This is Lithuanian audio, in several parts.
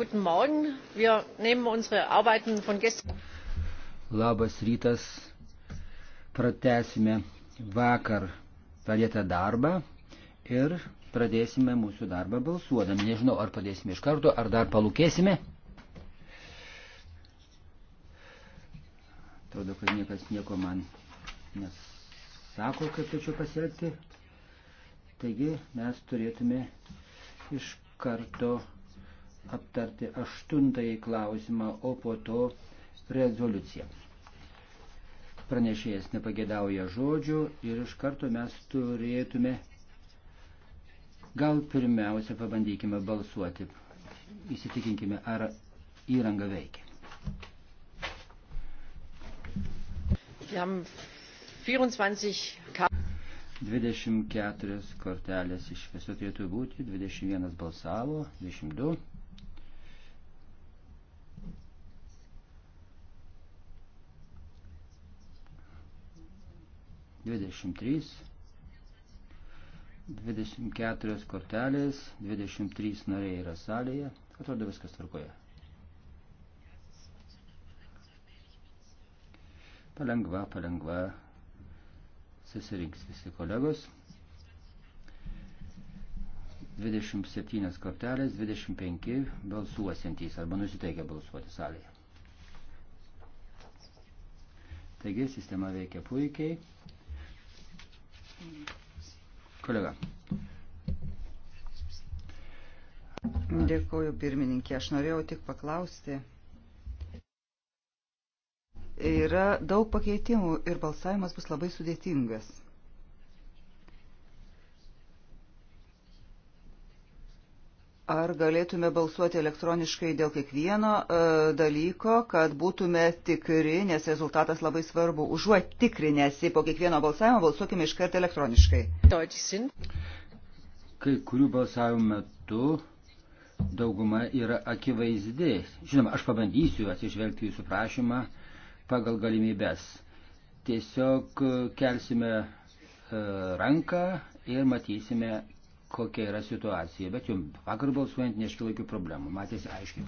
Guten Morgen. Wir nehmen unsere Arbeiten von gestern. Labas rytas. Pratesime vakar pradėtą darbą ir pradėsime mūsų darbą balsuodami. Nežinau, ar padėsime iš karto, ar dar palūkėsime. Atrodo, kad niekas nieko man nesako, kaip tačiau pasielgti. Taigi mes turėtume iš karto aptarti aštuntąjį klausimą, o po to rezoliuciją. Pranešėjas nepagėdauja žodžių ir iš karto mes turėtume. Gal pirmiausia pabandykime balsuoti. Įsitikinkime, ar įranga veikia. Jam 24 24 kortelės iš viso turėtų būti, 21 balsavo, 22. 23, 24 kortelės, 23 nariai yra salėje. Atrodo viskas tvarkoja. Palengva, palengva susirinks visi kolegos. 27 kortelės, 25 balsuosiantys arba nusiteikia balsuoti salėje. Taigi sistema veikia puikiai. Kolega. Dėkuoju pirmininkė, aš norėjau tik paklausti. Yra daug pakeitimų ir balsavimas bus labai sudėtingas. Ar galėtume balsuoti elektroniškai dėl kiekvieno e, dalyko, kad būtume tikri, nes rezultatas labai svarbu. Užuot tikrinęsi po kiekvieno balsavimo, balsuokime iškart elektroniškai. Kai kurių balsavimų metu dauguma yra akivaizdi. Žinoma, aš pabandysiu atsižvelgti jūsų prašymą pagal galimybės. Tiesiog e, kelsime e, ranką ir matysime, kokia yra situacija, bet jums vakar balsuojant neškilo jokių problemų, matėsi aiškiai.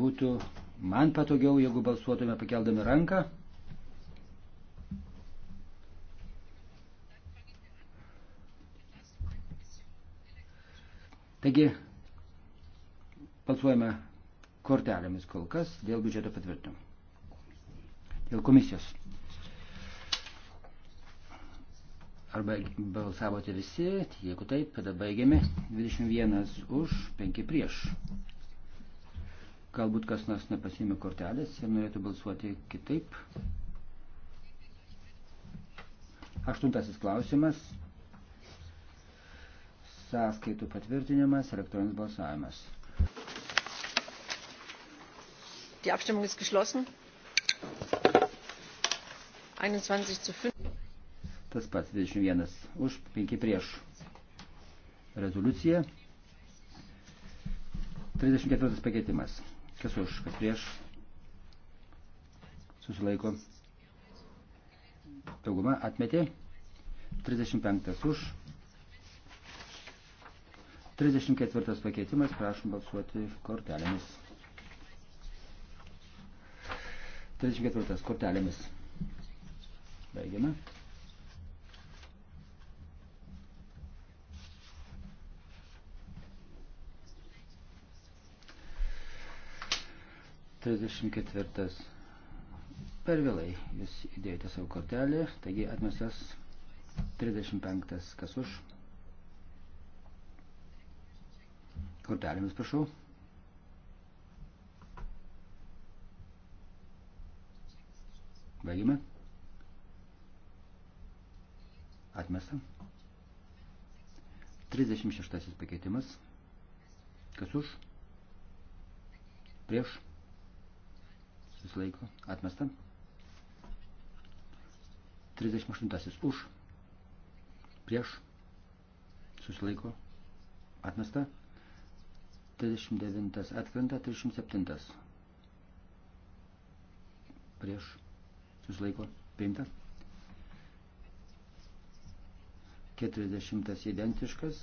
Būtų man patogiau, jeigu balsuotume pakeldami ranką. Taigi, balsuojame kortelėmis kol kas dėl biudžeto patvirtinimo. Dėl komisijos. Arba balsavote visi, jeigu taip, tada baigiame. 21 už, 5 prieš. Galbūt kas nors nepasėmė kortelės ir norėtų balsuoti kitaip. Aštuntasis klausimas. Sąskaitų patvirtinimas, elektroninis balsavimas. Die Abstimmung ist geschlossen. 21 zu 5. Tas pats 21 už 5 prieš rezoliuciją. 34 pakeitimas. Kas už, kas prieš? Susilaiko. Dauguma atmetė. 35 už. 34 pakeitimas. Prašom balsuoti kortelėmis. 34 kortelėmis. Baigiame. 34. Per vėlai jūs įdėjote savo kortelį, taigi atmestas 35. Kas už? Kortelėmis prašau. Baigime. Atmesta. 36 pakeitimas. Kas už? Prieš susilaiko, atmesta. 38 už, prieš, susilaiko, atmesta. 39 atkrenta, 37 prieš, susilaiko, priimta. 40 identiškas,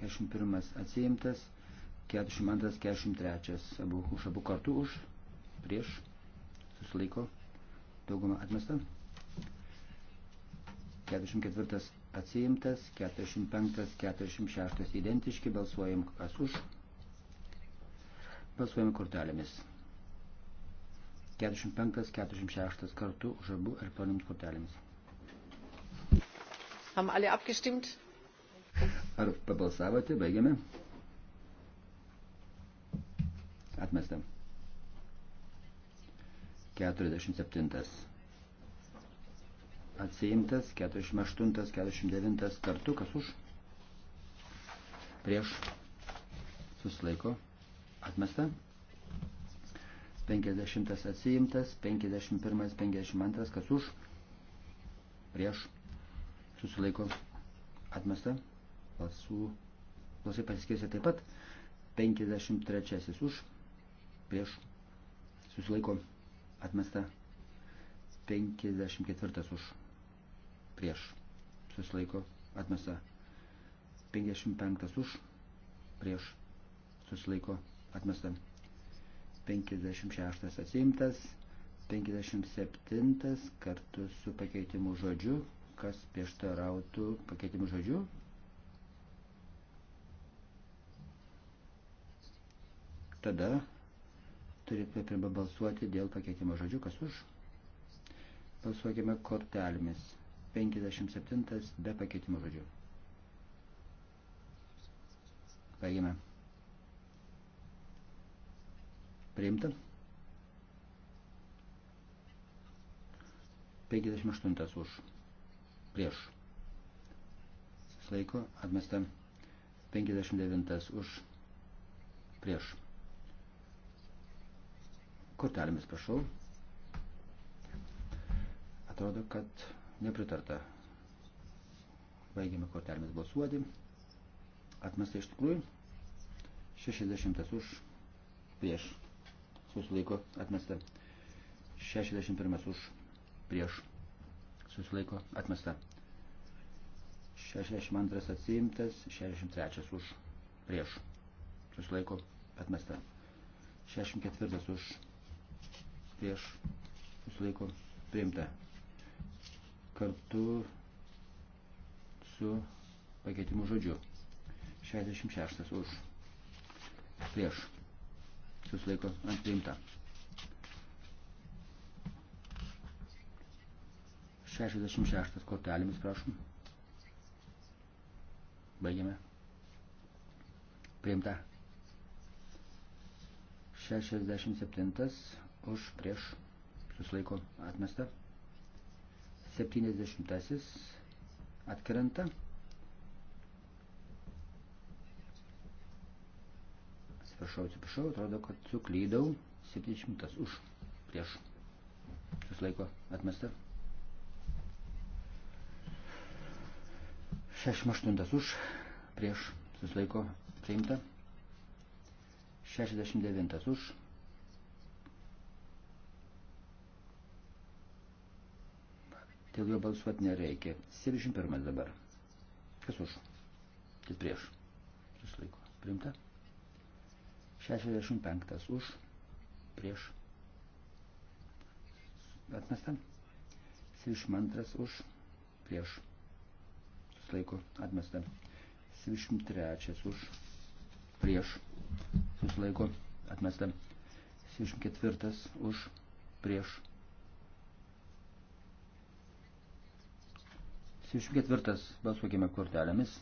41 atsiimtas, 42, 43 abu, už abu kartų už, prieš, susilaiko, dauguma atmesta. 44 atsiimtas, 45, 46 identiški, balsuojam kas už, balsuojam kortelėmis. 45, 46 kartu už abu elektroninėmis kortelėmis. Haben alle abgestimmt? Ar pabalsavote, baigiame? Atmestam. 47. Atsiimtas 48, 49 kartu, kas už, prieš, susilaiko, atmesta. 50 atsiimtas, 51, 52, kas už, prieš, susilaiko, atmesta. Balsų, balsai pasiskirsi taip pat, 53 už, prieš, susilaiko, atmesta. Atmesta 54 už prieš susilaiko atmesta 55 už prieš susilaiko atmesta 56 atsiimtas 57 kartu su pakeitimu žodžiu kas prieštarautų pakeitimu žodžiu tada turime pirmą balsuoti dėl pakeitimo žodžių, kas už. Balsuokime kortelėmis. 57 be pakeitimo žodžių. Baigime. Priimta. 58 už. Prieš. Susilaiko. Atmesta. 59 už. Prieš Kortelėmis prašau. Atrodo, kad nepritarta. Baigėme kortelėmis balsuoti. Atmesta iš tikrųjų. 60 už prieš. Susilaiko atmesta. 61 už prieš. Susilaiko atmesta. 62 atsiimtas. 63 už prieš. Susilaiko atmesta. 64 už prieš prieš susilaiko priimta. Kartu su pakeitimu žodžiu. 66 už prieš susilaiko priimta. 66 kortelėmis prašom. Baigiame. Priimta. 67 už prieš susilaiko atmesta. 70 atkrenta. 70 atsiprašau, atsiprašau, atrodo, kad suklydau. 70 už prieš susilaiko atmesta. 68 už prieš susilaiko priimta. 69 už Dėl tai jo balsuoti nereikia. 71 dabar. Kas už? Kas prieš? Susilaiko. Primta. 65 už. Prieš. Atmesta. 72 už. Prieš. Susilaiko. Atmesta. 73 už. Prieš. Susilaiko. Atmesta. 74 už. Prieš 64. Balsuokime kortelėmis.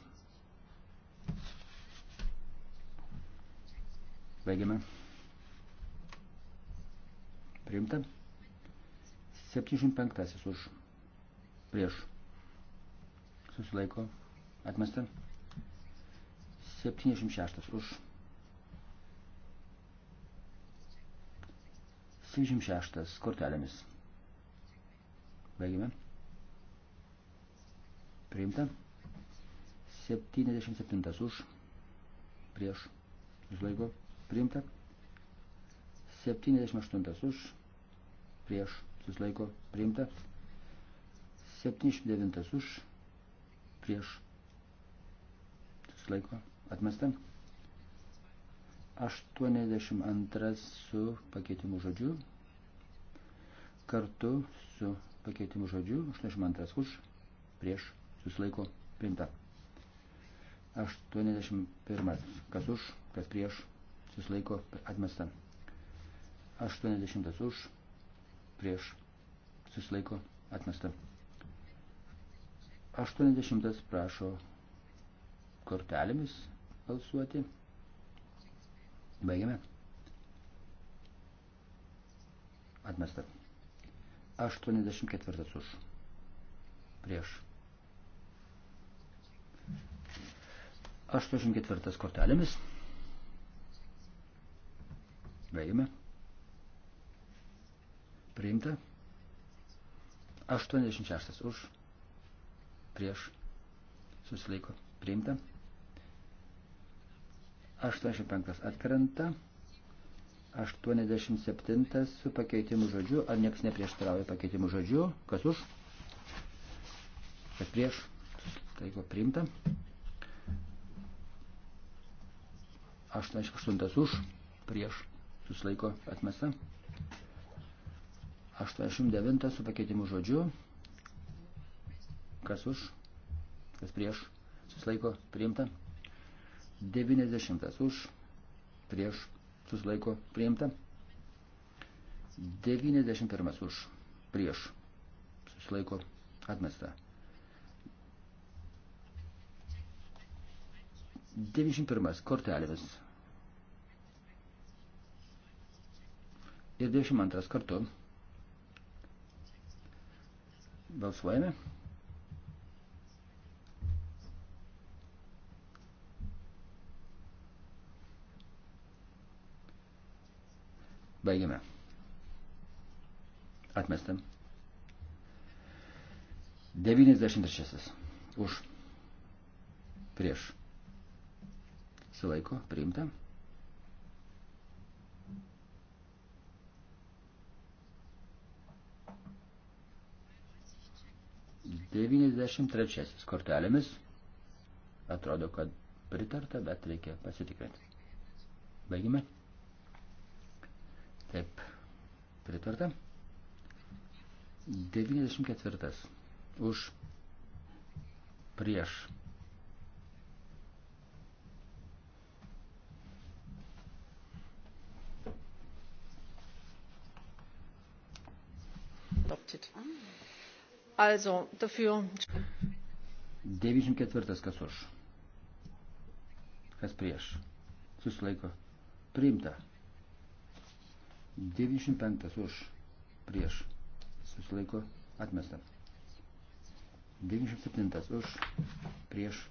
Baigiame. Priimta. 75. Už. Prieš. Susilaiko. Atmesta. 76. Už. 76. Kortelėmis. Baigiame. Priimta. 77 už. Prieš. Išlaiko. Priimta. 78 už. Prieš. Suslaiko. Priimta. 79 už. Prieš. Suslaiko. Atmesta. 82 su pakeitimu žodžiu. Kartu su pakeitimu žodžiu. 82 už. Prieš susilaiko priimta. 81. Kas už, kas prieš, susilaiko atmesta. 80. Už, prieš, susilaiko atmesta. 80. Prašo kortelėmis balsuoti. Baigiame. Atmesta. 84 už. Prieš 84 kortelėmis. Vėjame. Priimta. 86 už. Prieš. Susilaiko. Priimta. 85 atkrenta. 87 su pakeitimu žodžiu. Ar niekas neprieštarauja pakeitimu žodžiu? Kas už? Kas prieš? Taiko priimta. 88 už, prieš, susilaiko atmesta. 89 su pakeitimu žodžiu. Kas už, kas prieš, susilaiko priimta. 90 už, prieš, susilaiko priimta. 91 už, prieš, susilaiko atmesta. 91 kortelėmis. Ir 22 kartu. Balsuojame. Baigiame. Atmestam. 96. Už. Prieš susilaiko priimta. Devyniasdešimt trečiasis kortelėmis. Atrodo, kad pritarta, bet reikia pasitikrinti. Baigime. Taip, pritarta. 94. Už prieš rejected. Also dafür. 94 kas už. Kas prieš. Susilaiko. Priimta. 95 už. Prieš. Susilaiko. Atmesta. 97 už. Prieš.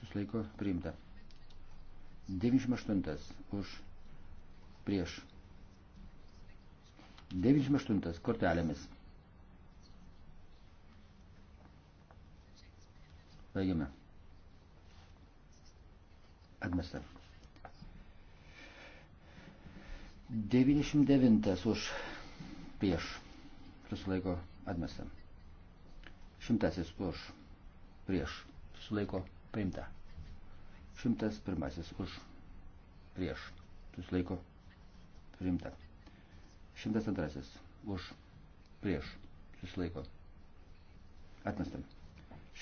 Susilaiko. Priimta. 98 už. Prieš. 98 kortelėmis. Baigiame. Atmesta. 99 už prieš. Susilaiko atmesta. Šimtasis už prieš. Susilaiko paimta. Šimtas pirmasis už prieš. Susilaiko priimta. Šimtas antrasis už prieš. Susilaiko atmesta.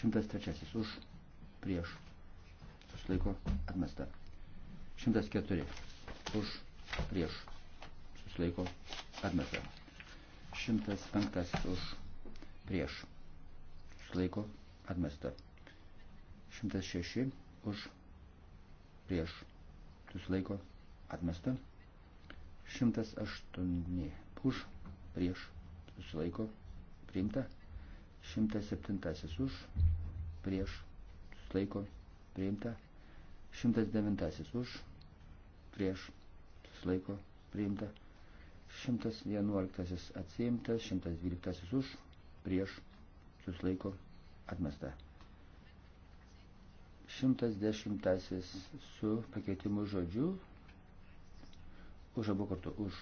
103 už prieš susilaiko atmesta. 104 už prieš susilaiko atmesta. 105 už prieš susilaiko atmesta. 106 už prieš susilaiko atmesta. 108 už prieš susilaiko priimta. 107 už, prieš, susilaiko, priimta. 109 už, prieš, susilaiko, priimta. 111 atsiimtas, 112 už, prieš, susilaiko, atmesta. 110 su pakeitimu žodžiu, už abu kartu, už,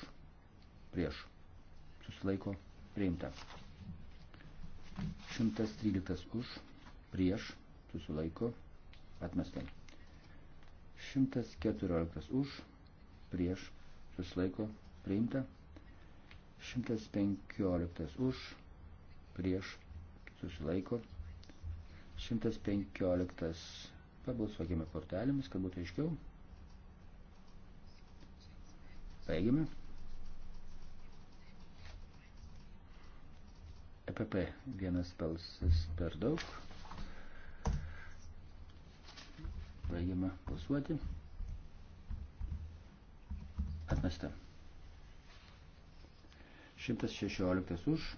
prieš, susilaiko, priimta. 113 už, prieš, susilaiko, atmesta. 114 už, prieš, susilaiko, priimta. 115 už, prieš, susilaiko. 115 pabalsuokime kortelėmis, kad būtų aiškiau. Baigiame. EPP vienas balsas per daug. Baigiama balsuoti. Atmesta. 116 už.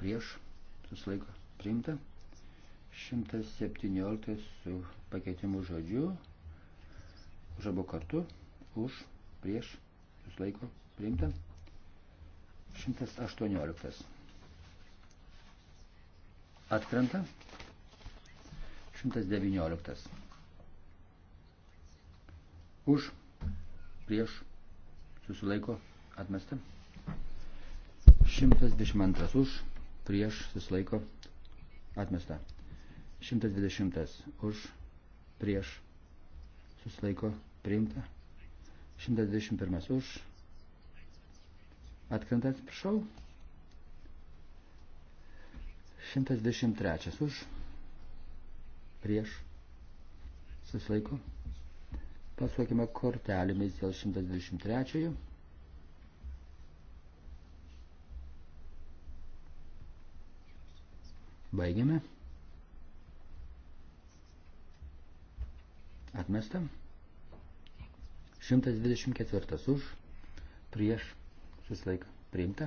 Prieš. Suslaiko. Priimta. 117 su pakeitimu žodžiu. Už abu kartu. Už. Prieš. Suslaiko. Priimta. 118. Atkrenta. 119. Už, prieš, susilaiko, atmesta. 122 už, prieš, susilaiko, atmesta. 120 už, prieš, susilaiko, priimta. 121 už, Atkrenta, atsiprašau. 123 už. Prieš. Susilaiko. Pasuokime kortelėmis dėl 123. Baigiame. Atmestam. 124 už. Prieš susilaiko priimta.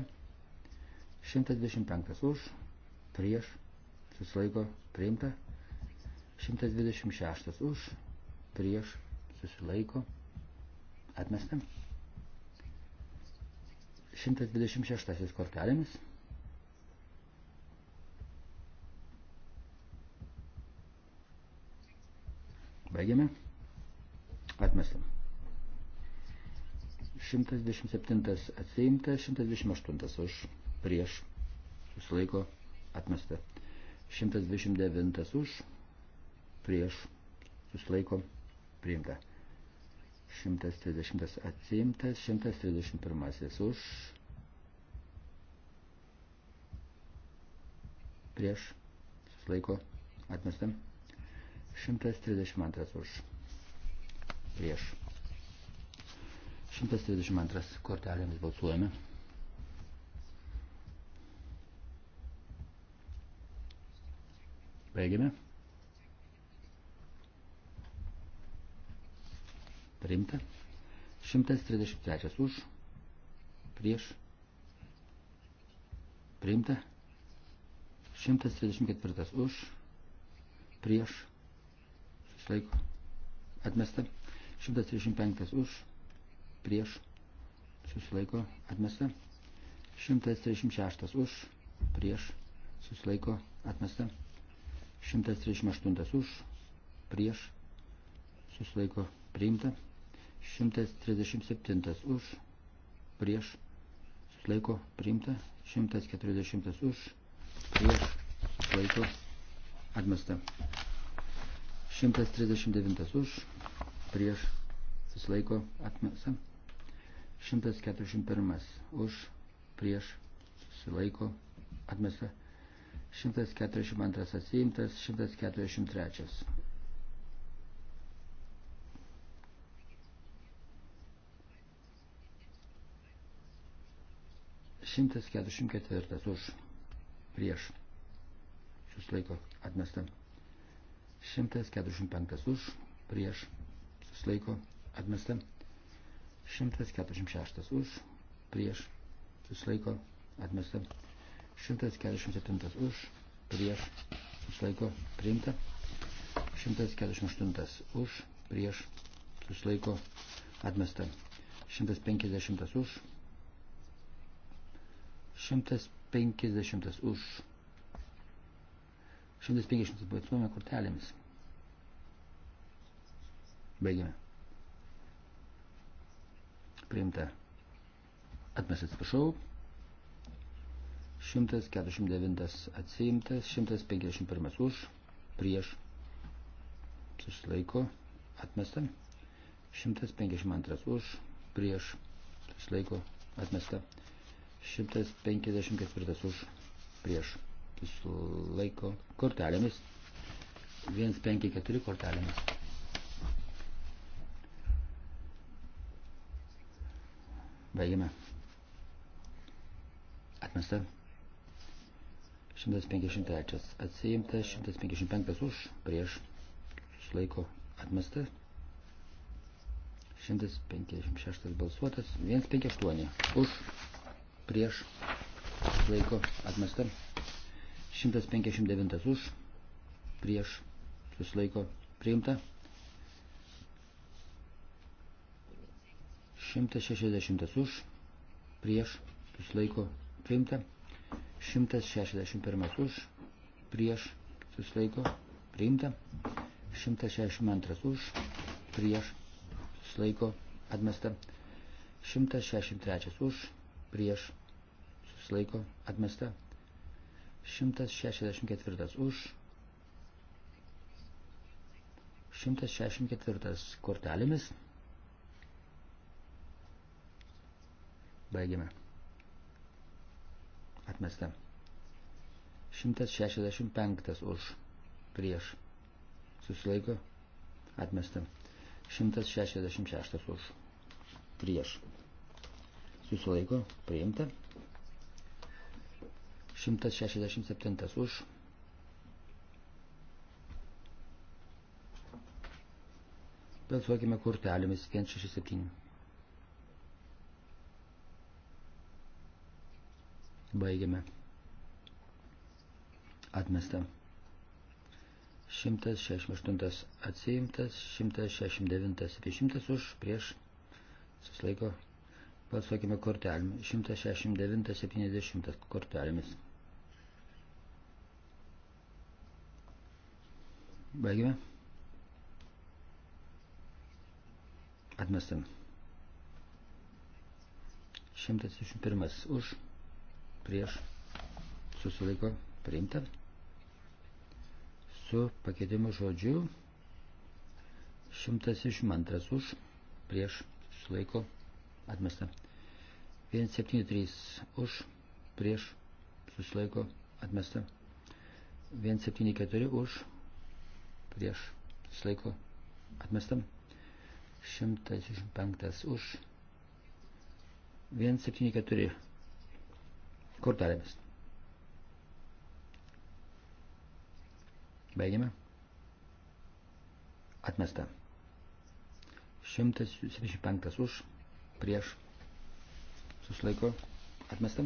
125 už, prieš, susilaiko priimta. 126 už, prieš, susilaiko atmesta. 126 kortelėmis. Baigiame. Atmestam. 127 atsiimta, 128 už, prieš, susilaiko, atmesta. 129 už, prieš, susilaiko, priimta. 130 atsiimtas, 131 už, prieš, susilaiko, atmesta. 132 už, prieš, 132 kortelėmis balsuojame. Baigiame. Priimta. 133 už. Prieš. Priimta. 134 už. Prieš. Susilaiko. Atmesta. 135 už prieš susilaiko atmesta. 136 už prieš susilaiko atmesta. 138 už prieš susilaiko priimta. 137 už prieš susilaiko priimta. 140 už prieš susilaiko atmesta. 139 už prieš susilaiko atmesta. 141 už prieš susilaiko atmesta 142 atsiimtas 143. Šimtas keturiasdešimt ketvirtas už prieš susilaiko atmesta. Šimtas keturiasdešimt penktas už prieš susilaiko atmesta. 146 už, prieš, susilaiko, atmesta. 147 už, prieš, susilaiko, priimta. 148 už, prieš, susilaiko, atmesta. 150 už, 150 už, 150 balsuojame kortelėmis. Baigiame priimta. Atmes atsiprašau. 149 atsiimtas, 151 už, prieš, susilaiko, atmesta. 152 už, prieš, susilaiko, atmesta. 154 už, prieš, susilaiko, kortelėmis. 154 kortelėmis. Baigime. Atmesta. 153 atsiimta, 155 už, prieš, sulaiko atmesta. 156 balsuotas, 158 už, prieš, sulaiko atmesta. 159 už, prieš, susilaiko priimta. 160 už, prieš, susilaiko priimta. 161 už, prieš, susilaiko priimta. 162 už, prieš, susilaiko atmesta. 163 už, prieš, susilaiko atmesta. 164 už, 164 kortelėmis Baigiame. Atmesta. 165 už prieš. Susilaiko. Atmesta. 166 už prieš. Susilaiko. Priimta. 167 už Balsuokime kortelėmis 167. Baigiame. Atmesta. 168 atsiimtas, 169 apie 100 už, prieš, susilaiko, balsuokime kortelėmis, 169-70 kortelėmis. Baigime. Atmestam. 121 už prieš susilaiko priimta. Su pakeitimu žodžiu 102 už prieš susilaiko atmesta. 173 už prieš susilaiko atmesta. 174 už prieš susilaiko atmesta. 165 už 174 Kortelėmis. Baigiame. Atmesta. 175 už, prieš, suslaiko, atmesta.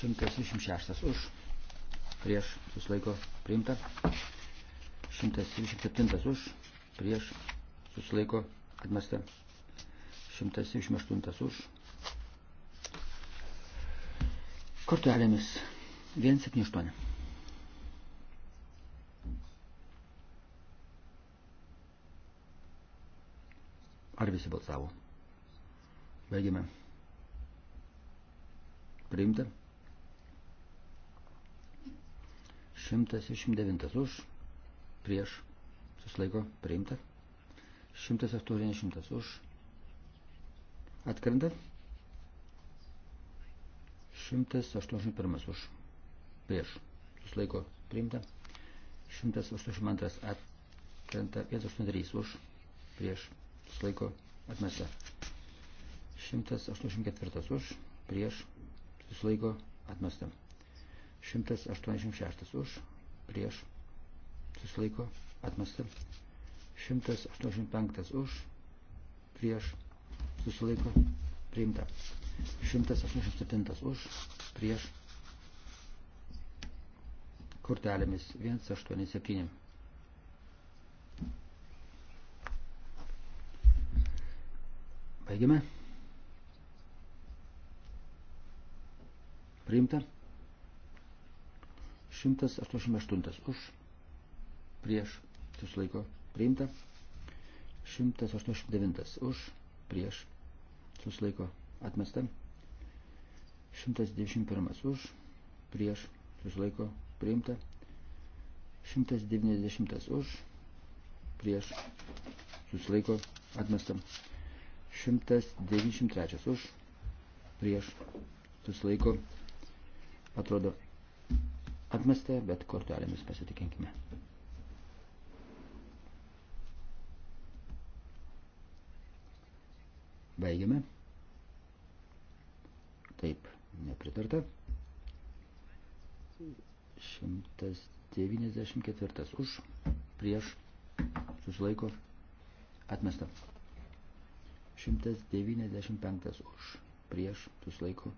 176 už, prieš, suslaiko, priimta. 177 už, prieš, suslaiko, atmesta. 178 už, kortelėmis 178. Ar visi balsavo? Baigime. Priimta. 169 už, prieš, susilaiko, priimta. 180 už, atkrenta. 181 už. Prieš. Suslaiko priimta. 182 atkrenta. 183 už. Prieš. Suslaiko atmesta. 184 už. Prieš. Suslaiko atmesta. 186 už. Prieš. Suslaiko atmesta. 185 už. Prieš. Susilaiko priimta. 187 už, prieš, kortelėmis 187. Baigiame. Priimta. 188 už, prieš, susilaiko, priimta. 189 už, prieš, susilaiko, priimta atmesta. 121 už, prieš, susilaiko, priimta. 190 už, prieš, susilaiko, atmesta. 193 už, prieš, susilaiko, atrodo, atmesta, bet kortelėmis pasitikinkime. Baigiame. Taip, nepritarta. 194 už, prieš, susilaiko, atmesta. 195 už, prieš, susilaiko,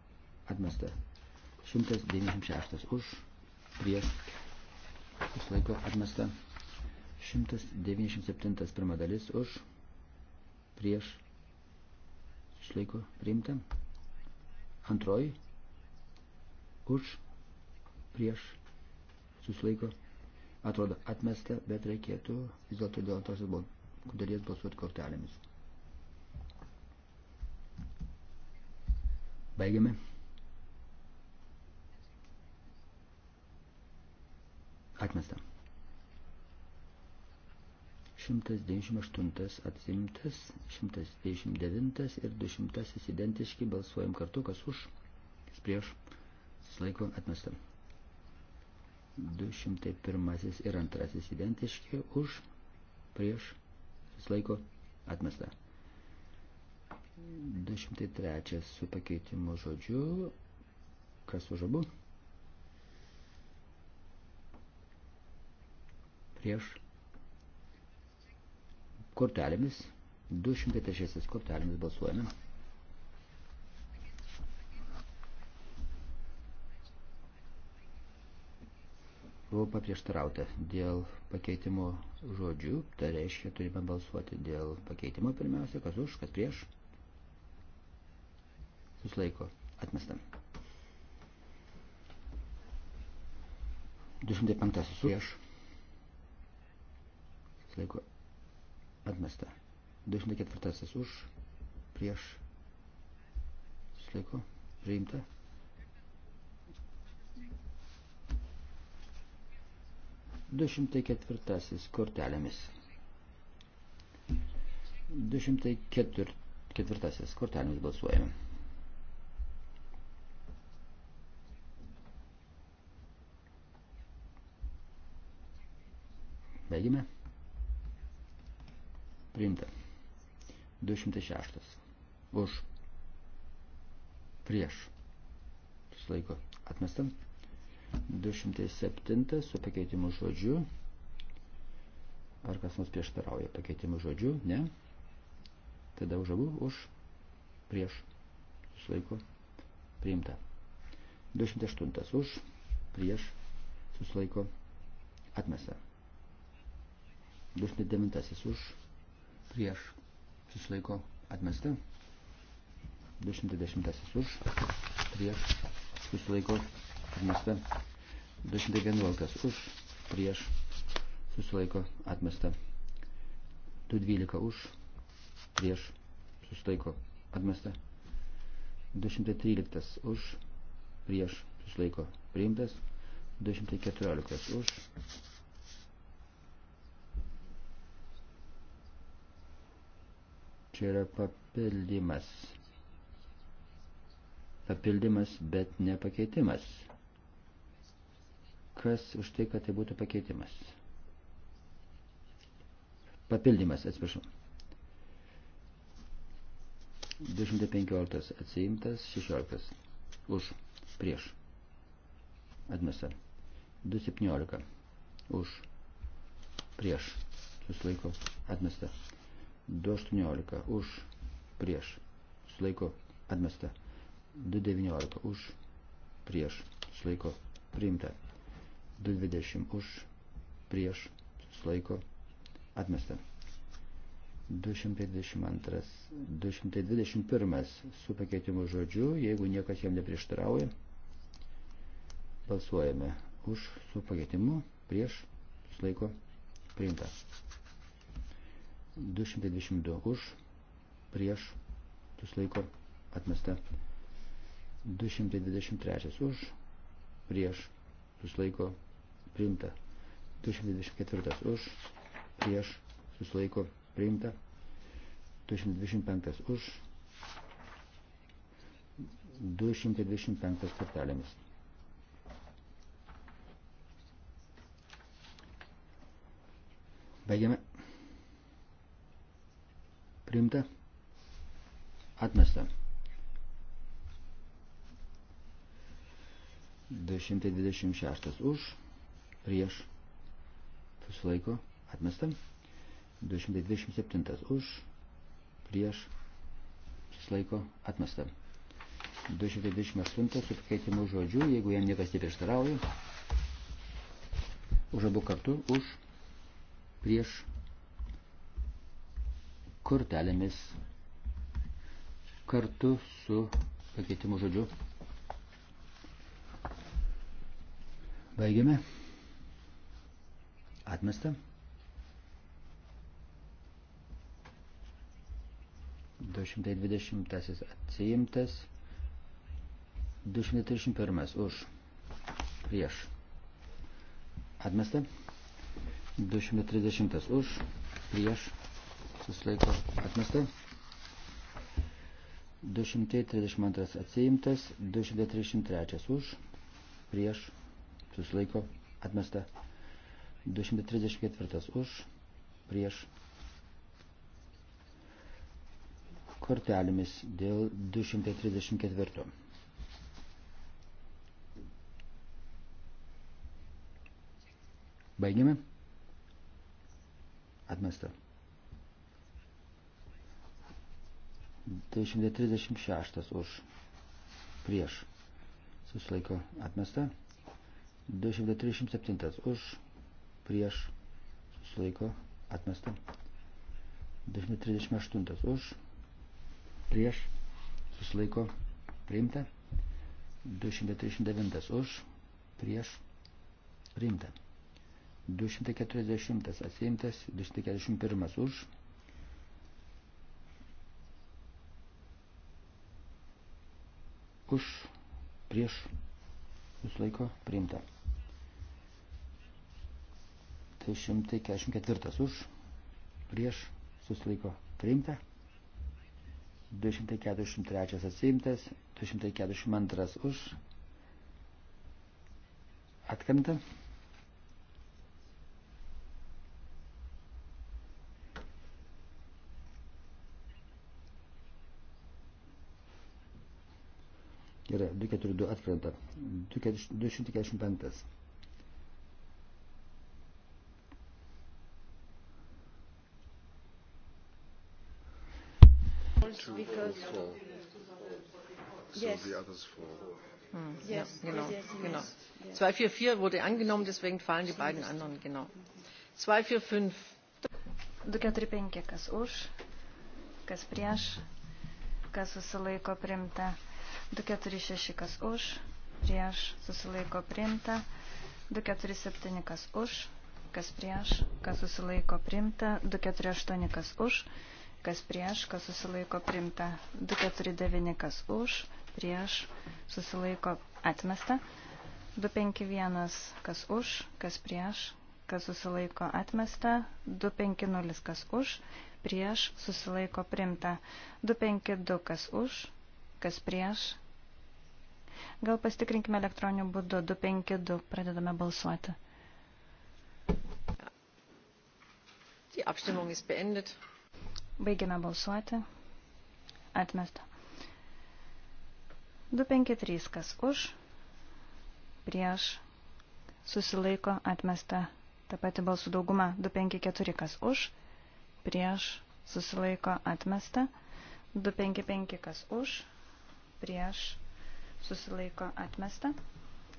atmesta. 196 už, prieš, susilaiko, atmesta. 197 pirma dalis už, prieš, susilaiko, priimta. Antroji. Už. Prieš. Susilaiko. Atrodo atmesta, bet reikėtų vis dėlto dėl antrosios dalies balsuoti kortelėmis. Baigiame. Atmesta. 198 atsimtas, 129 ir 200 identiški, balsuojam kartu, kas už, kas prieš, susilaiko atmesta. 201 ir 2 identiški, už, prieš, susilaiko atmesta. 203 su pakeitimu žodžiu, kas už abu, prieš, kortelėmis. 206 kortelėmis balsuojame. Buvo paprieštarauta dėl pakeitimo žodžių, tai reiškia turime balsuoti dėl pakeitimo pirmiausia, kas už, kas prieš. Suslaiko, atmestam. 205 už. Suslaiko, Atmesta. 204 už, prieš, sliko, priimta. Du šimtai ketvirtasis kortelėmis. Du šimtai ketvirtasis kortelėmis balsuojame. Baigime priimta. 206. Už. Prieš. Susilaiko. Atmesta. 207 su pakeitimu žodžiu. Ar kas nors prieštarauja pakeitimu žodžiu? Ne. Tada už abu. Už. Prieš. Susilaiko. Priimta. 208. Už. Prieš. Susilaiko. Atmesta. 209. Už prieš susilaiko atmesta. 210 už prieš susilaiko atmesta. 211 už prieš susilaiko atmesta. 212 už prieš susilaiko atmesta. 213 už prieš susilaiko priimtas. 214 už čia yra papildymas. Papildymas, bet ne pakeitimas. Kas už tai, kad tai būtų pakeitimas? Papildymas, atsiprašau. 215 atsiimtas, 16 už, prieš, atmesa, 217 už, prieš, susilaiko, atmesta, 2.18 už prieš sulaiko atmesta. 2.19 už prieš sulaiko priimta. 2.20 už prieš sulaiko atmesta. 222, 221 su pakeitimu žodžiu, jeigu niekas jam neprieštarauja, balsuojame už su pakeitimu prieš sulaiko priimta. 222 už, prieš, susilaiko, atmesta. 223 už, prieš, susilaiko, priimta. 224 už, prieš, susilaiko, priimta. 225 už, 225 kortelėmis. Baigiame. Priimta. Atmesta. 226 už, prieš, susilaiko, atmesta. 227 už, prieš, susilaiko, atmesta. 228 su pakeitimu žodžiu, jeigu jam niekas neprieštarauja. Už abu kartu, už, prieš, kortelėmis kartu su pakeitimu žodžiu. Baigiame. Atmesta. Du šimtai dvidešimtasis atsiimtas. Du šimtai trisdešimt pirmas už. Prieš. Atmesta. Du šimtai trisdešimtas už. Prieš susilaiko atmesta. 232 atsiimtas, 233 už, prieš, susilaiko atmesta. 234 už, prieš. Kortelėmis dėl 234. Baigime. Atmesta. 236 už prieš susilaiko atmesta. 237 už prieš susilaiko atmesta. 238 už prieš susilaiko priimta. 239 už prieš priimta. 240 atsiimtas, 241 už už prieš susilaiko priimta. 244 tai už prieš susilaiko priimta. 243 atsiimtas, 242 už atkrenta. yra 242 atkrenta, 245. Because yes. so the others fall. Hm, yes, ja, genau, yes, yes, genau. Yes. 244 wurde angenommen, deswegen fallen die beiden anderen, genau. 245. 245, kas už, kas prieš, kas susilaiko primta. 246 kas už, prieš, susilaiko priimta. 247 kas už, kas prieš, kas susilaiko priimta. 248 kas už, kas prieš, kas susilaiko priimta. 249 kas už, prieš, susilaiko atmesta. 251 kas už, kas prieš, kas susilaiko atmesta. 250 kas už, prieš, susilaiko priimta. 252 kas už, kas prieš. Gal pastikrinkime elektroniniu būdu 252, pradedame balsuoti. Die Abstimmung ist beendet. Baigiame balsuoti. Atmesta. 253, kas už, prieš, susilaiko, atmesta. Ta pati balsų dauguma 254, kas už, prieš, susilaiko, atmesta. 255, kas už, prieš susilaiko atmesta,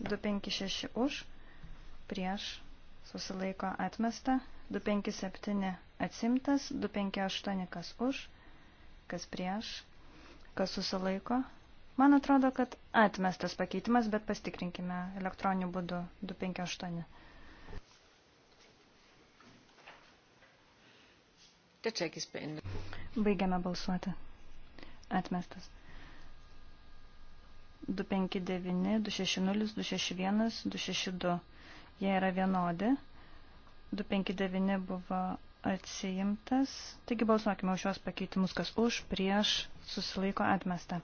256 už, prieš susilaiko atmesta, 257 atsimtas, 258 kas už, kas prieš, kas susilaiko. Man atrodo, kad atmestas pakeitimas, bet pastikrinkime elektroniniu būdu 258. Baigiame balsuoti. Atmestas. 259, 260, 261, 262. Jie yra vienodi. 259 buvo atsiimtas. Taigi balsuokime už šios pakeitimus, kas už, prieš, susilaiko atmesta.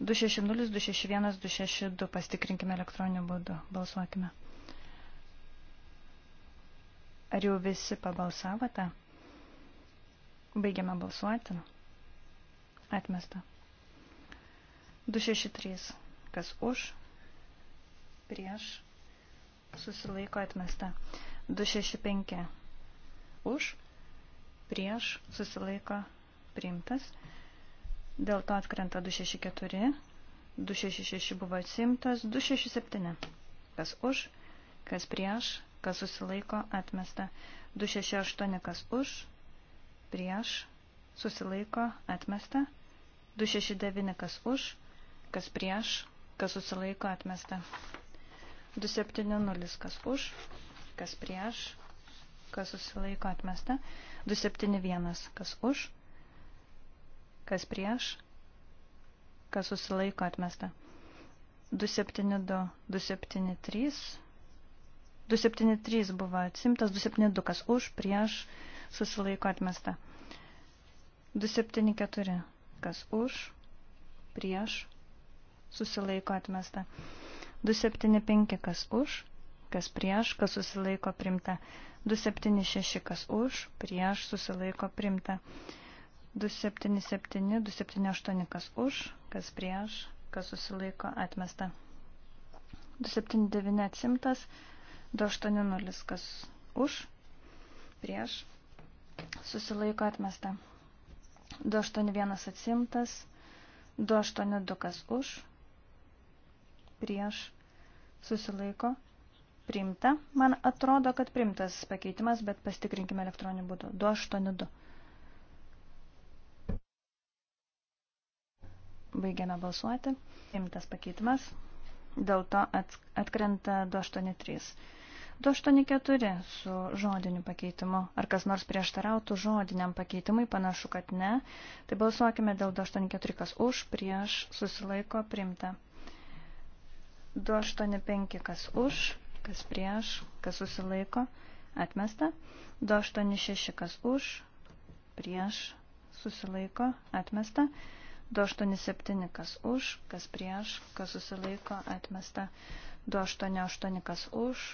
260, 261, 262. Pastikrinkime elektroniniu būdu. Balsuokime. Ar jau visi pabalsavote? Baigiame balsuoti. Atmesta. 263. Kas už? Prieš. Susilaiko atmesta. 265. Už. Prieš. Susilaiko priimtas. Dėl to atkrenta 264. 266 buvo atsimtas. 267. Kas už? Kas prieš? Kas susilaiko atmesta. 268. Kas už? Prieš. Susilaiko atmesta. 269 kas už, kas prieš, kas susilaiko atmesta. 270 kas už, kas prieš, kas susilaiko atmesta. 271 kas už, kas prieš, kas susilaiko atmesta. 272, 273. 273 buvo atsimtas, 272 kas už, prieš, susilaiko atmesta. 274 Kas už, prieš, susilaiko atmesta. 275 kas už, kas prieš, kas susilaiko primta. 276 kas už, prieš, susilaiko primta. 277, 278 kas už, kas prieš, kas susilaiko atmesta. 279 atsimtas, 280 kas už, prieš, susilaiko atmesta. 281 atsimtas, 282 kas už, prieš, susilaiko, priimta. Man atrodo, kad priimtas pakeitimas, bet pasitikrinkime elektroniniu būdu. 282. Baigiame balsuoti. Priimtas pakeitimas. Dėl to atkrenta 283. 284 su žodiniu pakeitimu. Ar kas nors prieštarautų žodiniam pakeitimui? Panašu, kad ne. Tai balsuokime dėl 284, kas už, prieš, susilaiko, primta. 285, kas už, kas prieš, kas susilaiko, atmesta. 286, kas už, prieš, susilaiko, atmesta. 287 kas už, kas prieš, kas susilaiko, atmesta. 288 kas už,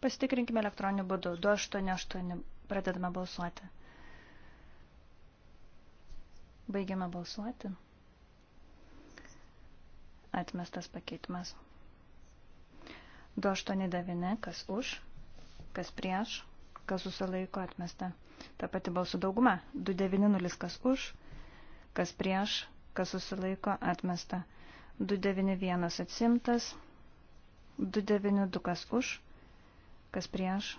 Pasitikrinkime elektroniniu būdu. 288. Pradedame balsuoti. Baigiame balsuoti. Atmestas pakeitimas. 289. Kas už, kas prieš, kas susilaiko atmesta. Ta pati balsų dauguma. 290. Kas už, kas prieš, kas susilaiko atmesta. 291 atsimtas. 292 kas už, Kas prieš?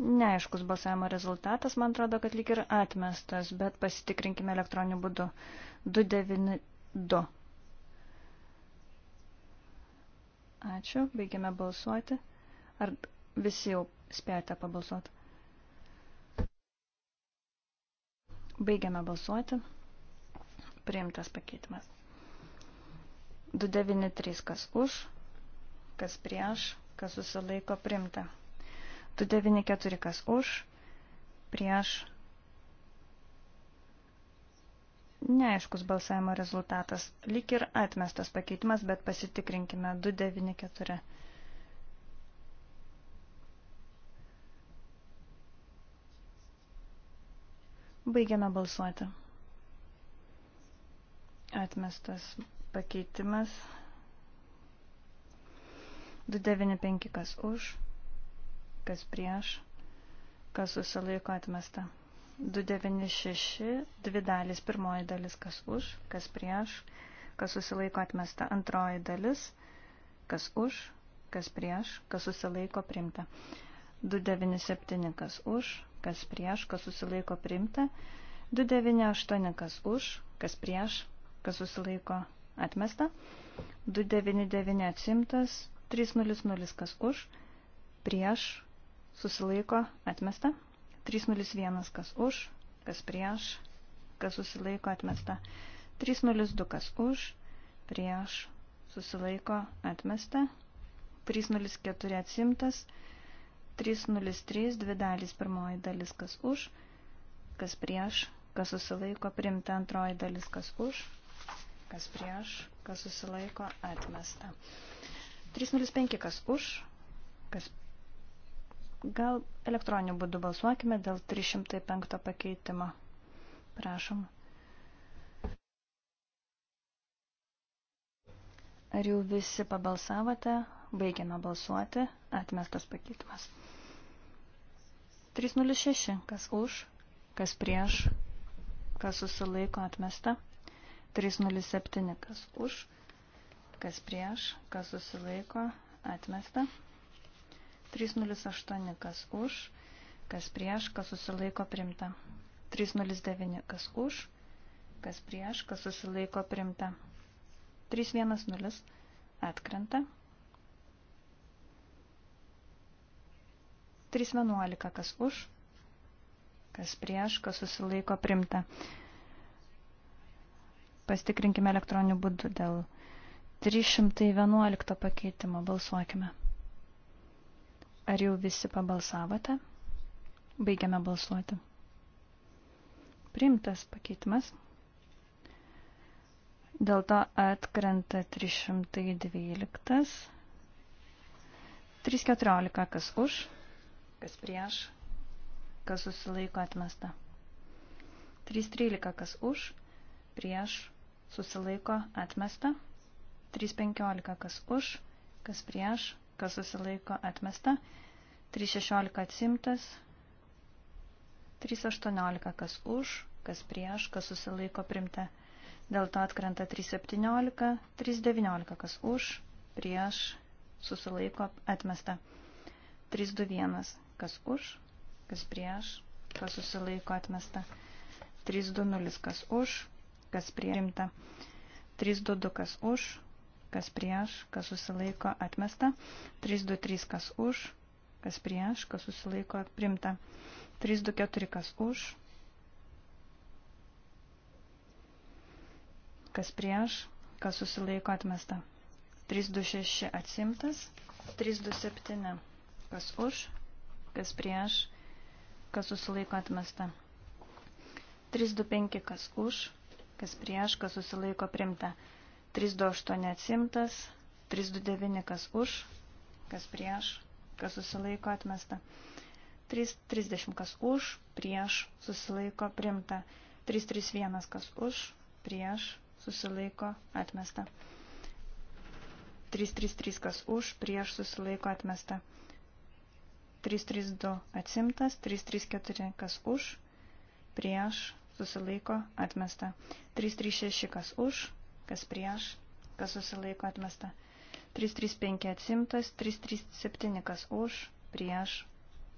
Neaiškus balsavimo rezultatas, man atrodo, kad lyg ir atmestas, bet pasitikrinkime elektroniniu būdu. 292. Ačiū, baigiame balsuoti. Ar visi jau spėjote pabalsuoti? Baigiame balsuoti. Priimtas pakeitimas. 293 kas už, kas prieš, kas susilaiko primta. 294 kas už, prieš. Neaiškus balsavimo rezultatas. Lik ir atmestas pakeitimas, bet pasitikrinkime 294. Baigiame balsuoti. Atmestas pakeitimas 295 kas už, kas prieš, kas susilaiko atmesta. 296, dvi dalis, pirmoji dalis kas už, kas prieš, kas susilaiko atmesta. Antroji dalis, kas už, kas prieš, kas susilaiko primta. 297 kas už, kas prieš, kas susilaiko primta. 298 kas už, kas prieš, kas susilaiko atmesta. 299 atsimtas, 300 kas už, prieš, susilaiko, atmesta. 301 kas už, kas prieš, kas susilaiko, atmesta. 302 kas už, prieš, susilaiko, atmesta. 304 atsimtas. 303 dvi dalys pirmoji dalis kas už, kas prieš, kas susilaiko, primta antroji dalis kas už, kas prieš, kas susilaiko, atmesta. 305 kas už, kas gal elektroniniu būdu balsuokime dėl 305 pakeitimo. Prašom. Ar jau visi pabalsavote? Baigiame balsuoti. Atmestas pakeitimas. 306. Kas už, kas prieš, kas susilaiko atmesta. 307. Kas už, kas prieš, kas susilaiko, atmesta. 308, kas už, kas prieš, kas susilaiko, primta. 309, kas už, kas prieš, kas susilaiko, primta. 310, atkrenta. 311, kas už, kas prieš, kas susilaiko primta. Pastikrinkime elektroniniu būdu dėl 311. 311 pakeitimo balsuokime. Ar jau visi pabalsavote? Baigiame balsuoti. Priimtas pakeitimas. Dėl to atkrenta 312. 314. Kas už, kas prieš, kas susilaiko atmesta. 313. Kas už, prieš, susilaiko atmesta. 315. 3.15 kas už, kas prieš, kas susilaiko atmesta, 3.16 atsimtas, 3.18 kas už, kas prieš, kas susilaiko primta. Dėl to atkrenta 3.17, 3.19 kas už, prieš, susilaiko atmesta. 3.21 kas už, kas prieš, kas susilaiko atmesta. 3.20 kas už, kas priimta. 3.22 kas už, kas prieš, kas susilaiko atmesta, 323 kas už, kas prieš, kas susilaiko primta, 324 kas už, kas prieš, kas susilaiko atmesta, 326 atsimtas, 327 kas už, kas prieš, kas susilaiko atmesta. 325 kas už, kas prieš, kas susilaiko primta. 328 328 atsimtas, 329 kas už, kas prieš, kas susilaiko atmesta. 330 kas už, prieš, susilaiko primta. 331 kas už, prieš, susilaiko atmesta. 333 kas už, prieš, susilaiko atmesta. 332 atsimtas, 334 kas už, prieš, susilaiko atmesta. 336 kas už, kas prieš, kas susilaiko atmesta. 335 atsimtas, 337 kas už, prieš,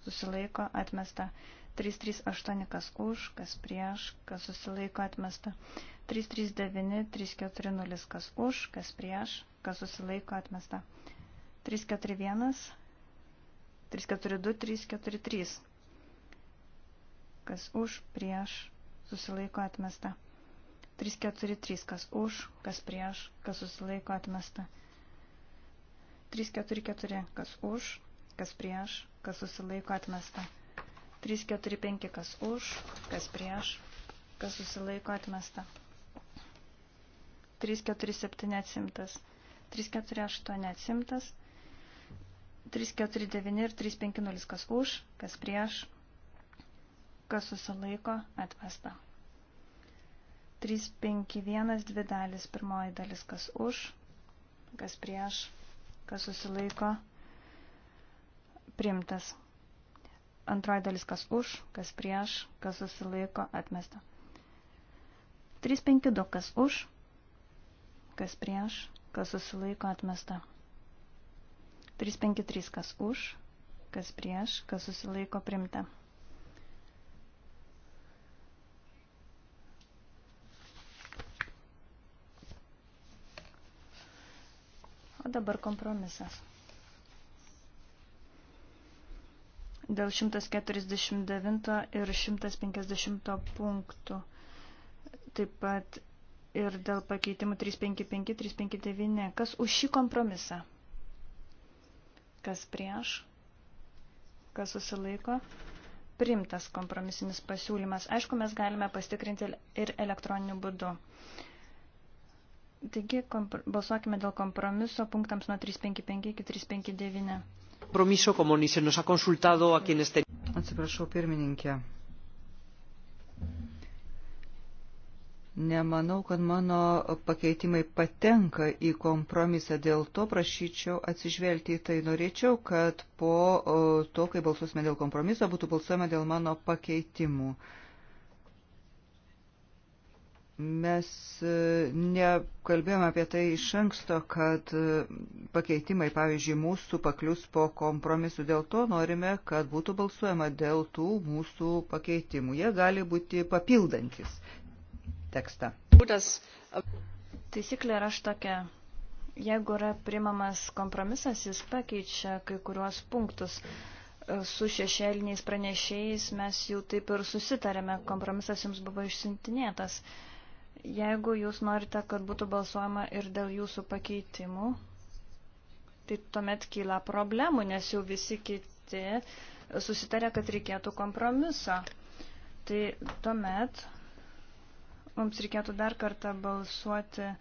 susilaiko atmesta. 338 kas už, kas prieš, kas susilaiko atmesta. 339, 340 kas už, kas prieš, kas susilaiko atmesta. 341, 342, 343 kas už, prieš, susilaiko atmesta. 343, kas už, kas prieš, kas susilaiko atmesta. 344, kas už, kas prieš, kas susilaiko atmesta. 345, kas už, kas prieš, kas susilaiko atmesta. 347 atsimtas. 348 atsimtas. 349 ir 350, kas už, kas prieš, kas susilaiko atmesta. 351 dvi dalis, pirmoji dalis kas už, kas prieš, kas susilaiko, primtas. Antroji dalis kas už, kas prieš, kas susilaiko, atmesta. 352 kas už, kas prieš, kas susilaiko, atmesta. 353 kas už, kas prieš, kas susilaiko, primta. dabar kompromisas. Dėl 149 ir 150 punktų. Taip pat ir dėl pakeitimų 355, 359. Kas už šį kompromisą? Kas prieš? Kas susilaiko? Primtas kompromisinis pasiūlymas. Aišku, mes galime pastikrinti ir elektroniniu būdu. Taigi balsuokime dėl kompromiso punktams nuo 355 iki 359. Promiso, como ni se nos ha consultado a quienes ten... Atsiprašau, pirmininkė. Nemanau, kad mano pakeitimai patenka į kompromisą, dėl to prašyčiau atsižvelgti į tai. Norėčiau, kad po to, kai balsuosime dėl kompromiso, būtų balsuojama dėl mano pakeitimų. Uh, Mes e, nekalbėjome apie tai iš anksto, kad e, pakeitimai, pavyzdžiui, mūsų paklius po kompromisu. Dėl to norime, kad būtų balsuojama dėl tų mūsų pakeitimų. Jie gali būti papildantis tekstą. Taisyklė yra štokia. Jeigu yra primamas kompromisas, jis pakeičia kai kuriuos punktus e, su šešėliniais pranešėjais mes jau taip ir susitarėme, kompromisas jums buvo išsintinėtas. Jeigu jūs norite, kad būtų balsuojama ir dėl jūsų pakeitimų, tai tuomet kyla problemų, nes jau visi kiti susitarė, kad reikėtų kompromiso. Tai tuomet mums reikėtų dar kartą balsuoti e,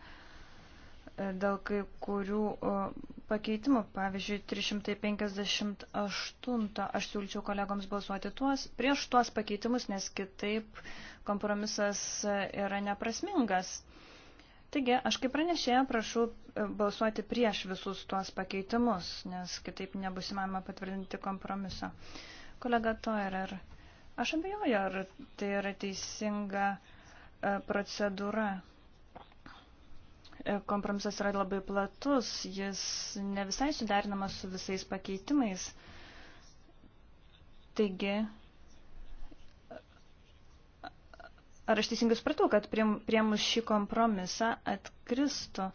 dėl kai kurių pakeitimų, pavyzdžiui, 358, aš siūlyčiau kolegoms balsuoti tuos, prieš tuos pakeitimus, nes kitaip kompromisas yra neprasmingas. Taigi, aš kaip pranešėja prašau e, balsuoti prieš visus tuos pakeitimus, nes kitaip nebus įmanoma patvirtinti kompromiso. Kolega Toerer, aš abejoju, ar tai yra teisinga e, procedūra kompromisas yra labai platus, jis ne visai suderinamas su visais pakeitimais. Taigi, ar aš teisingai supratau, kad prie, prie mus šį kompromisą atkristų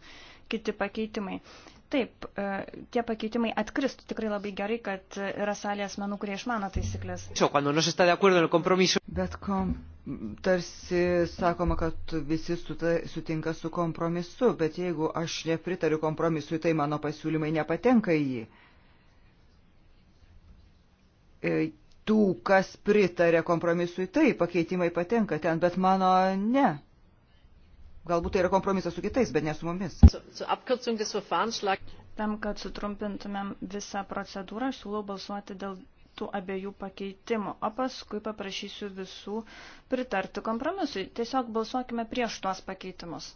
kiti pakeitimai. Taip, e, tie pakeitimai atkristų tikrai labai gerai, kad yra salė asmenų, kurie išmano taisyklės. Bet kom, tarsi sakoma, kad visi sutinka su kompromisu, bet jeigu aš nepritariu kompromisui, tai mano pasiūlymai nepatenka į jį. E, tų, kas pritarė kompromisui, tai pakeitimai patenka ten, bet mano ne. Galbūt tai yra kompromisas su kitais, bet ne su mumis. Tam, kad sutrumpintumėm visą procedūrą, siūlau balsuoti dėl tų abiejų pakeitimų, o paskui paprašysiu visų pritarti kompromisui. Tiesiog balsuokime prieš tuos pakeitimus,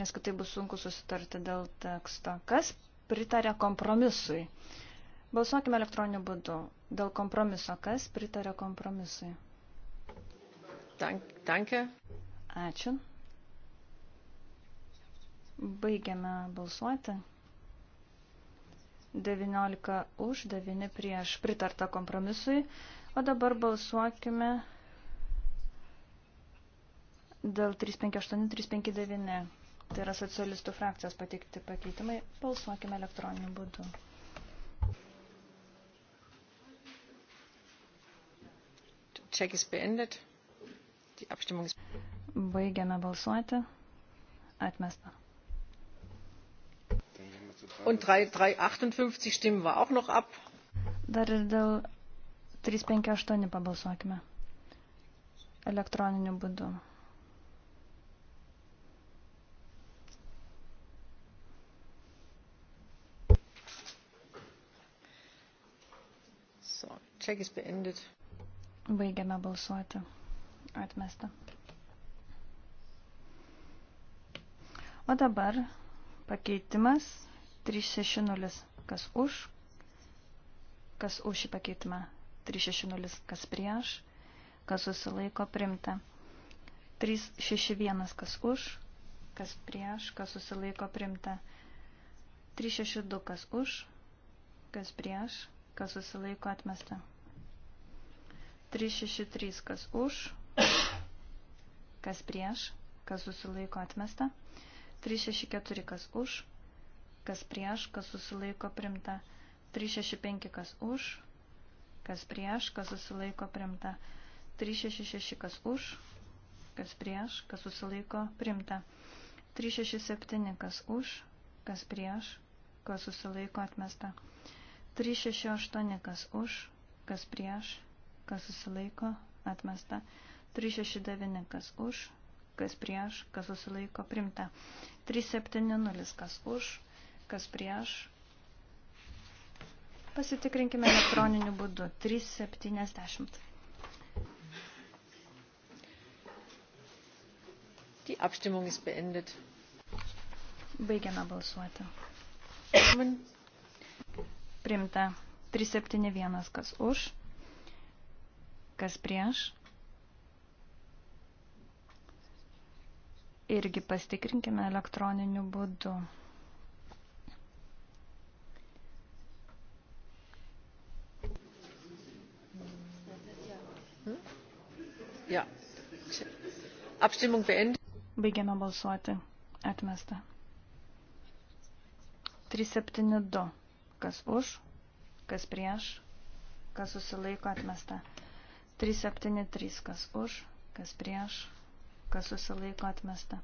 nes kitai bus sunku susitarti dėl teksto. Kas pritarė kompromisui? Balsuokime elektroniniu būdu. Dėl kompromiso. Kas pritarė kompromisui? Danke. Ačiū. Baigiame balsuoti. 19 už, 9 prieš pritarta kompromisui. O dabar balsuokime dėl 358, 359. Tai yra socialistų frakcijos pateikti pakeitimai. Balsuokime elektroniniu būdu. Check is beendet. Die Abstimmung ist... Baigiame balsuoti. Atmesta. Und 3358 stimmen wir auch noch ab. Dar ir dėl 358 pabalsuokime elektroniniu būdu. So, check is beendet. Baigiame balsuoti. Atmesta. O dabar pakeitimas 360, kas už, kas už šį pakeitimą, 360, kas prieš, kas susilaiko primta. 361, kas už, kas prieš, kas susilaiko primta. 362, kas už, kas prieš, kas susilaiko atmesta. 363, kas už, kas prieš, kas susilaiko atmesta. 364, kas už, kas prieš, kas susilaiko primta. 365 kas už, kas prieš, kas susilaiko primta. 366 kas už, kas prieš, kas susilaiko primta. 367 kas už, kas prieš, kas susilaiko atmesta. 368 kas už, kas prieš, kas susilaiko atmesta. 369 kas už, kas prieš, kas susilaiko primta. 370 kas už, kas prieš. Pasitikrinkime elektroniniu būdu. 370. Die Abstimmung ist beendet. Baigiame balsuoti. Primta 371, kas už, kas prieš. Irgi pastikrinkime elektroniniu būdu. Ja. Abstimmung beendet. Baigiame balsuoti. Atmesta. 372. Kas už, kas prieš, kas susilaiko atmesta. 373. Kas už, kas prieš, kas susilaiko atmesta.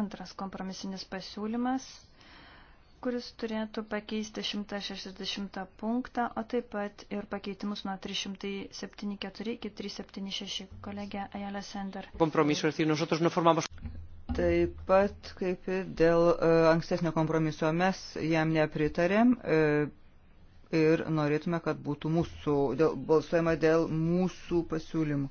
Antras kompromisinis pasiūlymas kuris turėtų pakeisti 160 punktą, o taip pat ir pakeitimus nuo 374 iki 376. Kolegė Ajala Sender. Taip pat, kaip ir dėl e, ankstesnio kompromiso, mes jam nepritarėm e, ir norėtume, kad būtų mūsų, dėl, balsuojama dėl mūsų pasiūlymų.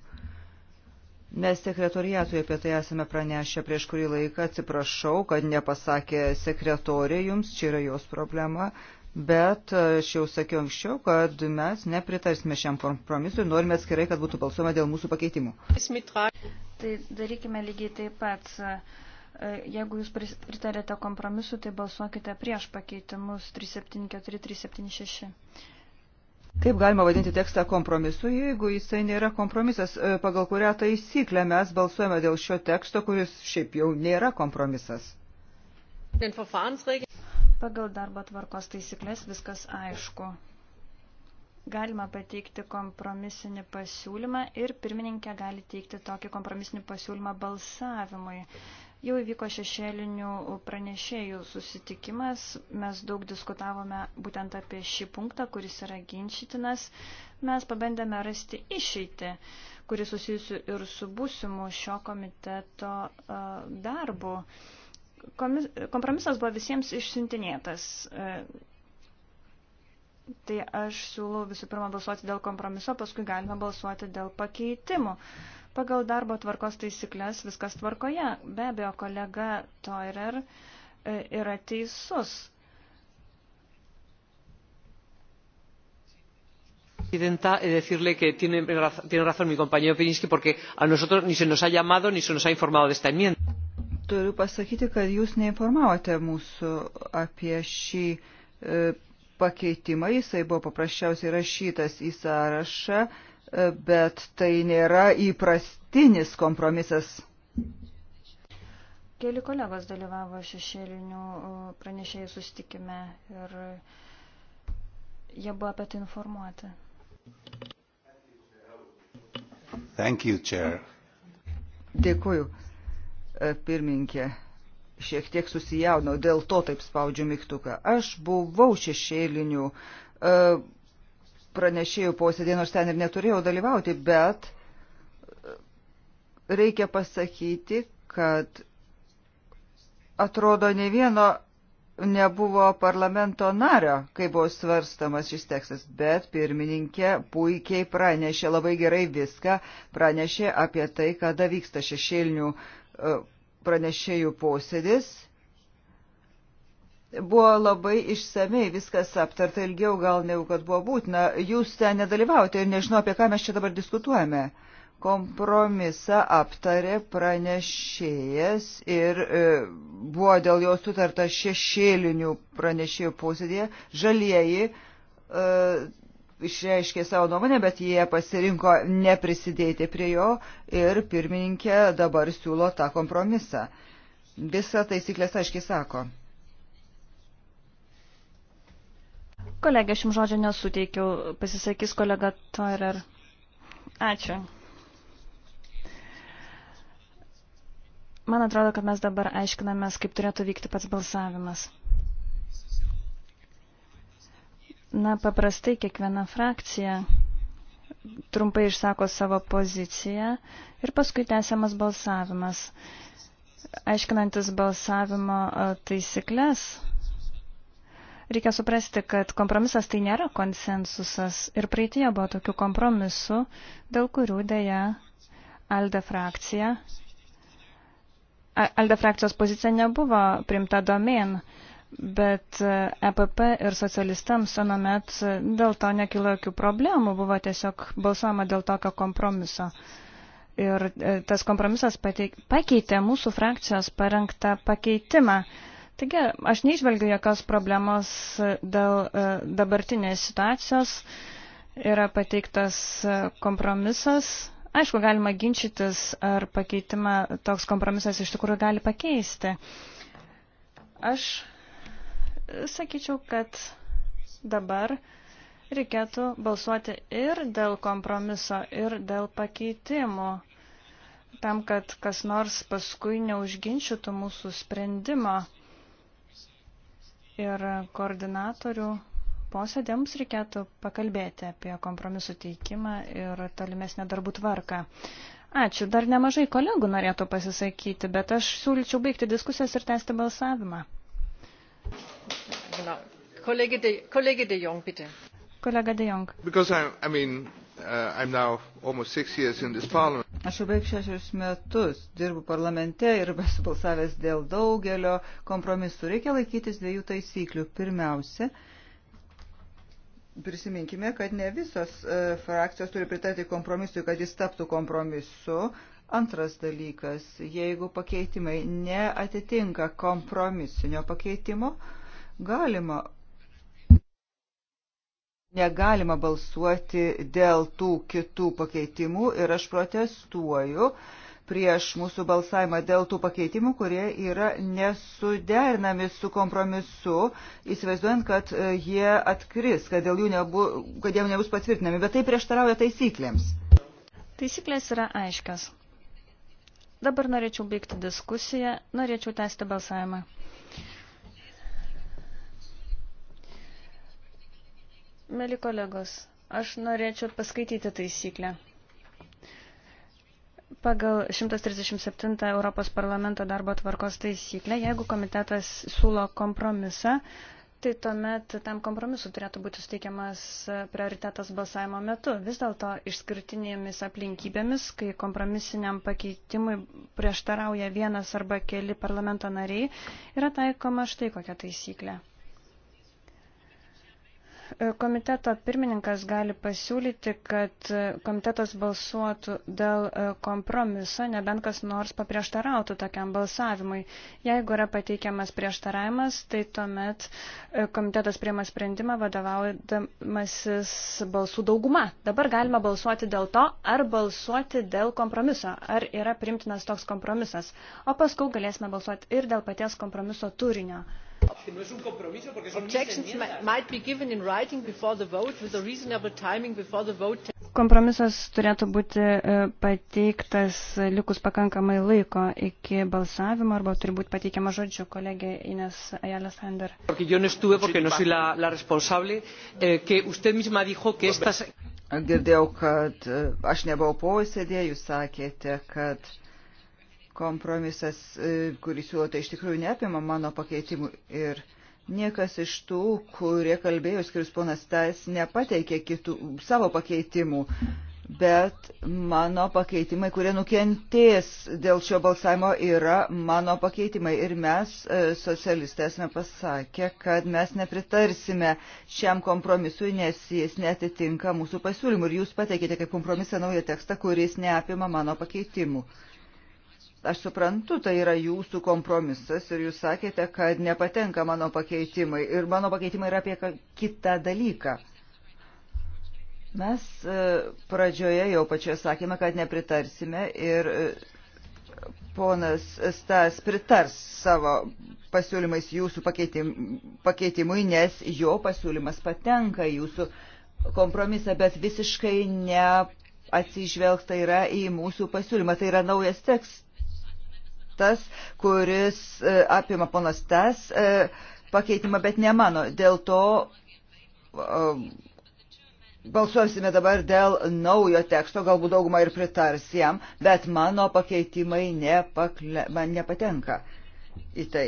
Mes sekretoriatui apie tai esame pranešę prieš kurį laiką, atsiprašau, kad nepasakė sekretorė jums, čia yra jos problema, bet aš jau sakiau anksčiau, kad mes nepritarsime šiam kompromisui ir norime atskirai, kad būtų balsuojama dėl mūsų pakeitimų. Tai darykime lygiai taip pat. Jeigu jūs pritarėte kompromisu, tai balsuokite prieš pakeitimus 374, 376. Kaip galima vadinti tekstą kompromisu, jeigu jisai nėra kompromisas, e, pagal kurią taisyklę mes balsuojame dėl šio teksto, kuris šiaip jau nėra kompromisas? Pagal darbo tvarkos taisyklės viskas aišku. Galima pateikti kompromisinį pasiūlymą ir pirmininkė gali teikti tokį kompromisinį pasiūlymą balsavimui. Jau įvyko šešėlinių pranešėjų susitikimas, mes daug diskutavome būtent apie šį punktą, kuris yra ginčytinas. Mes pabandėme rasti išeitį, kuri susijusi ir su būsimu šio komiteto darbu. Kompromisas buvo visiems išsintinėtas. Tai aš siūlau visų pirma balsuoti dėl kompromiso, paskui galime balsuoti dėl pakeitimų. Pagal darbo tvarkos taisyklės viskas tvarkoje. Be abejo, kolega Toirer e, yra teisus. presidenta he de decirle que tiene razón mi compañero pirinski porque a nosotros ni se nos ha llamado ni se nos ha informado de esta enmienda. Turiu pasakyti, kad jūs neinformavote mūsų apie šį e, pakeitimą. Jisai buvo paprasčiausiai rašytas į sąrašą bet tai nėra įprastinis kompromisas. Keli kolegos dalyvavo šešėlinių uh, pranešėjų sustikime ir jie buvo apie tai informuoti. Thank you, Chair. Dėkuoju, e, pirminkė. Šiek tiek susijaunau, dėl to taip spaudžiu mygtuką. Aš buvau šešėlinių e, pranešėjų posėdį, nors ten ir neturėjau dalyvauti, bet reikia pasakyti, kad atrodo ne vieno nebuvo parlamento nario, kai buvo svarstamas šis tekstas, bet pirmininkė puikiai pranešė labai gerai viską, pranešė apie tai, kada vyksta šešėlinių e, pranešėjų posėdis Buvo labai išsamei viskas aptarta ilgiau gal negu kad buvo būtina. Jūs ten nedalyvaujate ir nežinau, apie ką mes čia dabar diskutuojame. Kompromisą aptarė pranešėjas ir e, buvo dėl jo sutarta šešėlinių pranešėjų posėdėje. Žalieji e, išreiškė savo nuomonę, bet jie pasirinko neprisidėti prie jo ir pirmininkė dabar siūlo tą kompromisą. Visa taisyklės aiškiai sako. Kolegė, aš jums žodžio nesuteikiau, pasisakys kolega Toirer. Ačiū. Man atrodo, kad mes dabar aiškinamės, kaip turėtų vykti pats balsavimas. Na, paprastai kiekviena frakcija trumpai išsako savo poziciją ir paskui tęsiamas balsavimas. Aiškinantis balsavimo taisyklės, Reikia suprasti, kad kompromisas tai nėra konsensusas ir praeitie buvo tokių kompromisų, dėl kurių dėja Alde frakcija. Alde frakcijos pozicija nebuvo primta domen, bet EPP e ir socialistams anomet dėl to nekilo jokių problemų, buvo tiesiog balsuojama dėl tokio kompromiso. Ir e, tas kompromisas pateik, pakeitė mūsų frakcijos parengtą pakeitimą. Taigi, aš neižvelgiu jokios problemos dėl e, dabartinės situacijos. Yra pateiktas e, kompromisas. Aišku, galima ginčytis, ar pakeitimą toks kompromisas iš tikrųjų gali pakeisti. Aš sakyčiau, kad dabar reikėtų balsuoti ir dėl kompromiso, ir dėl pakeitimų, tam, kad kas nors paskui neužginčytų mūsų sprendimo ir koordinatorių posėdėms reikėtų pakalbėti apie kompromisų teikimą ir tolimesnę darbų tvarką. Ačiū, dar nemažai kolegų norėtų pasisakyti, bet aš siūlyčiau baigti diskusijas ir tęsti balsavimą. Genau. Kollege de, Kollege de Jong, bitte. Kollege de Jong. Because I, I mean, Uh, Aš jau beveik šešerius metus dirbu parlamente ir esu balsavęs dėl daugelio kompromisų. Reikia laikytis dviejų taisyklių. Pirmiausia, prisiminkime, kad ne visos e, frakcijos turi pritarti kompromisui, kad jis taptų kompromisu. Antras dalykas, jeigu pakeitimai neatitinka kompromisinio pakeitimo, galima Negalima balsuoti dėl tų kitų pakeitimų ir aš protestuoju prieš mūsų balsavimą dėl tų pakeitimų, kurie yra nesuderinami su kompromisu, įsivaizduojant, kad e, jie atkris, kad, dėl jų nebu, kad jie nebus patvirtinami, bet tai prieštarauja taisyklėms. Taisyklės yra aiškios. Dabar norėčiau baigti diskusiją, norėčiau tęsti balsavimą. Mėly kolegos, aš norėčiau paskaityti taisyklę. Pagal 137 Europos parlamento darbo tvarkos taisyklę, jeigu komitetas siūlo kompromisą, tai tuomet tam kompromisu turėtų būti suteikiamas prioritetas balsavimo metu. Vis dėlto išskirtinėmis aplinkybėmis, kai kompromisiniam pakeitimui prieštarauja vienas arba keli parlamento nariai, yra taikoma štai kokia taisyklė. Komiteto pirmininkas gali pasiūlyti, kad komitetas balsuotų dėl e, kompromiso, nebent kas nors paprieštarautų tokiam balsavimui. Jeigu yra pateikiamas prieštaravimas, tai tuomet e, komitetas priema sprendimą vadovaujamasis balsų dauguma. Dabar galima balsuoti dėl to, ar balsuoti dėl kompromiso, ar yra primtinas toks kompromisas. O paskui galėsime balsuoti ir dėl paties kompromiso turinio. Kompromisas turėtų būti e, pateiktas likus pakankamai laiko iki balsavimo arba turi būti pateikiama žodžiu kolegė Ines Ayala Sander. Eh, girdėjau, kad e, aš nebuvau posėdėje, jūs sakėte, kad kompromisas, e, kurį siūlote, iš tikrųjų neapima mano pakeitimų ir niekas iš tų, kurie kalbėjo, skirius ponas Tais, nepateikė kitų savo pakeitimų, bet mano pakeitimai, kurie nukentės dėl šio balsavimo, yra mano pakeitimai. Ir mes, e, socialistai, esame pasakę, kad mes nepritarsime šiam kompromisui, nes jis netitinka mūsų pasiūlymų. Ir jūs pateikite kaip kompromisą naują tekstą, kuris neapima mano pakeitimų. Aš suprantu, tai yra jūsų kompromisas ir jūs sakėte, kad nepatenka mano pakeitimai. Ir mano pakeitimai yra apie kitą dalyką. Mes e, pradžioje jau pačioje sakėme, kad nepritarsime ir e, ponas Stas pritars savo pasiūlymais jūsų pakeitim, pakeitimui, nes jo pasiūlymas patenka jūsų kompromisą, bet visiškai neatsižvelgta yra į mūsų pasiūlymą. Tai yra naujas tekst, tas, kuris e, apima ponas tas e, pakeitimą, bet ne mano. Dėl to e, balsuosime dabar dėl naujo teksto, galbūt daugumą ir pritars jam, bet mano pakeitimai nepakle, man nepatenka į tai.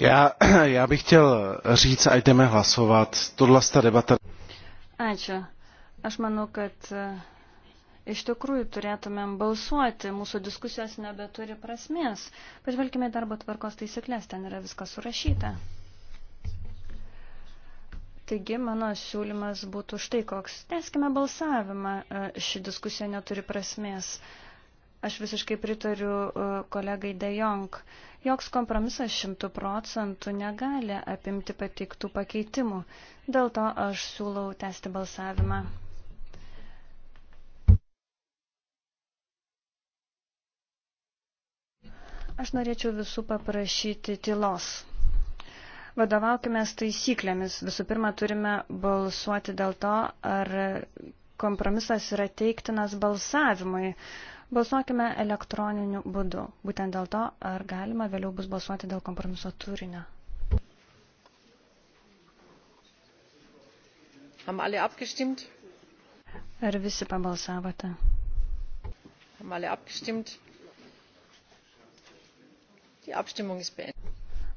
Já, já bych chtěl říct, a jdeme hlasovat. Tohle ta debata. Ačiū. Aš manau, kad uh, iš tikrųjų turėtumėm balsuoti, mūsų diskusijos nebeturi prasmės. Pažvelkime darbo tvarkos taisyklės, ten yra viskas surašyta. Taigi mano siūlymas būtų štai koks. Teskime balsavimą, e, ši diskusija neturi prasmės. Aš visiškai pritariu e, kolegai De Jong. Joks kompromisas šimtų procentų negali apimti pateiktų pakeitimų. Dėl to aš siūlau tęsti balsavimą. Aš norėčiau visų paprašyti tylos. Vadovaukime taisyklėmis. Visų pirma, turime balsuoti dėl to, ar kompromisas yra teiktinas balsavimui. Balsuokime elektroniniu būdu. Būtent dėl to, ar galima vėliau bus balsuoti dėl kompromiso turinio. Haben alle abgestimmt? Ar visi pabalsavote? Haben alle abgestimmt?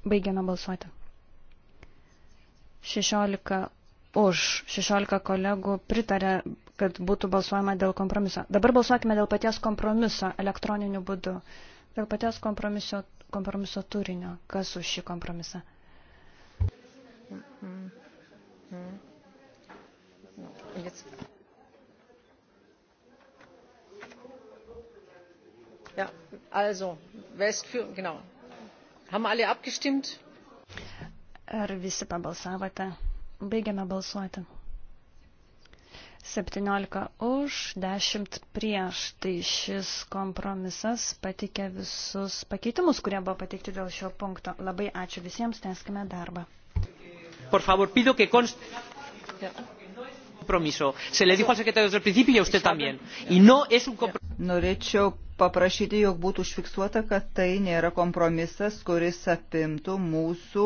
Baigiame balsuoti. 16 už, 16 kolegų pritarė, kad būtų balsuojama dėl kompromiso. Dabar balsuokime dėl paties kompromiso elektroniniu būdu, dėl paties kompromiso, kompromiso turinio. Kas už šį kompromisą? Mm -hmm. Mm -hmm. Ja, also westfür genau Haben alle abgestimmt? Ar visi pabalsavote? Baigiame balsuoti. 17 už, 10 prieš. Tai šis kompromisas patikė visus pakeitimus, kurie buvo pateikti dėl šio punkto. Labai ačiū visiems, tęskime darbą. Por favor, pido que conste. Compromiso. Se le dijo al secretario desde el principio y a usted también. Y no es un compromiso. Norėčiau paprašyti, jog būtų užfiksuota, kad tai nėra kompromisas, kuris apimtų mūsų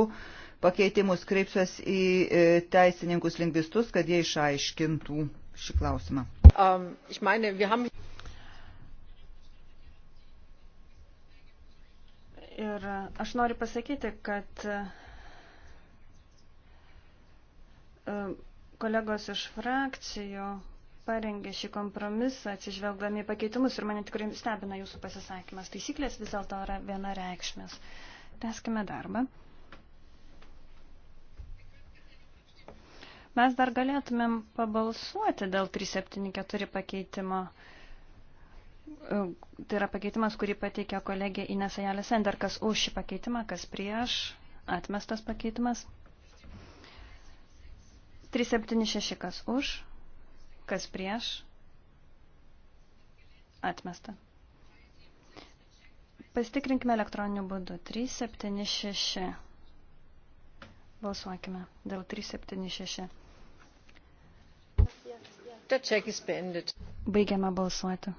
pakeitimus. Kreipsiuosi į e, teisininkus lingvistus, kad jie išaiškintų šį klausimą. Um, meine, haben... Ir aš noriu pasakyti, kad e, kolegos iš frakcijų parengė šį kompromisą atsižvelgdami pakeitimus ir mane tikrai stebina jūsų pasisakymas. Taisyklės vis dėlto yra viena reikšmės. Teskime darbą. Mes dar galėtumėm pabalsuoti dėl 374 pakeitimo. Tai yra pakeitimas, kurį pateikė kolegė Inesa Jalės Ender, kas už šį pakeitimą, kas prieš, atmestas pakeitimas. 376 kas už, Kas prieš? Atmesta. Pasitikrinkime elektroniniu būdu. 376. Balsuokime dėl 376. Baigiame balsuoti.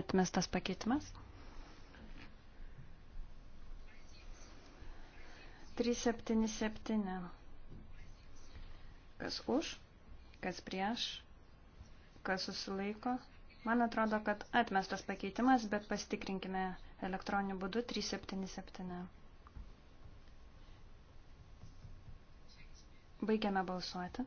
Atmestas pakeitimas. 377. Kas už? kas prieš, kas susilaiko. Man atrodo, kad atmestas pakeitimas, bet pasitikrinkime elektroniniu būdu 377. Baigiame balsuoti.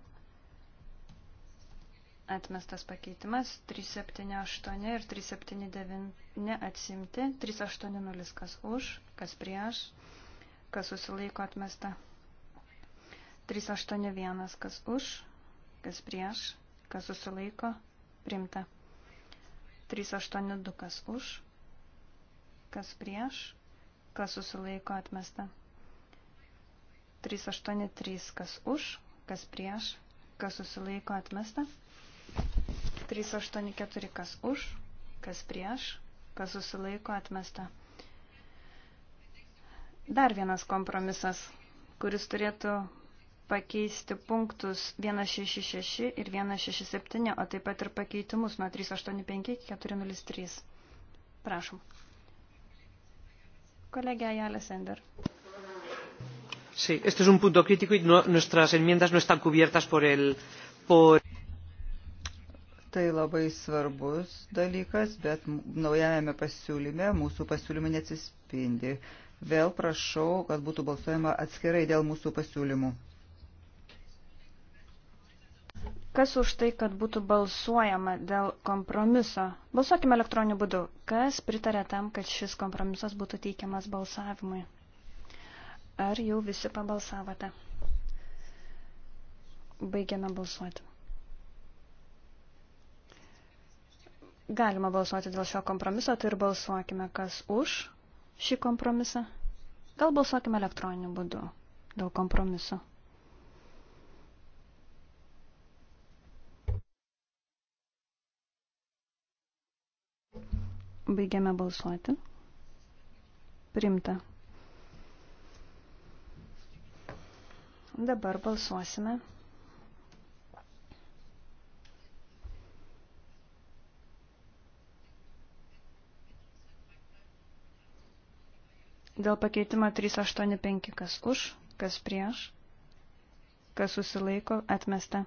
Atmestas pakeitimas 378 ir 379 neatsimti. 380 kas už, kas prieš, kas susilaiko atmesta. 381 kas už, kas prieš, kas susilaiko, primta. 382 kas už, kas prieš, kas susilaiko atmesta. 383 kas už, kas prieš, kas susilaiko atmesta. 384 kas už, kas prieš, kas susilaiko atmesta. Dar vienas kompromisas, kuris turėtų pakeisti punktus 166 ir 167, o taip pat ir pakeitimus nuo 385 iki 403. Prašom. Kolegė Ayala Sender. Sí, este es un punto crítico y no, nuestras enmiendas no están cubiertas por el... Por... Tai labai svarbus dalykas, bet naujame pasiūlyme mūsų pasiūlymai neatsispindi. Vėl prašau, kad būtų balsuojama atskirai dėl mūsų pasiūlymų. Kas už tai, kad būtų balsuojama dėl kompromiso? Balsuokime elektroniniu būdu. Kas pritarė tam, kad šis kompromisas būtų teikiamas balsavimui? Ar jau visi pabalsavote? Baigiame balsuoti. Galima balsuoti dėl šio kompromiso, tai ir balsuokime, kas už šį kompromisą. Gal balsuokime elektroniniu būdu dėl kompromiso. Baigiame balsuoti. Primta. Dabar balsuosime. Dėl pakeitimo 385 kas už, kas prieš, kas susilaiko, atmesta.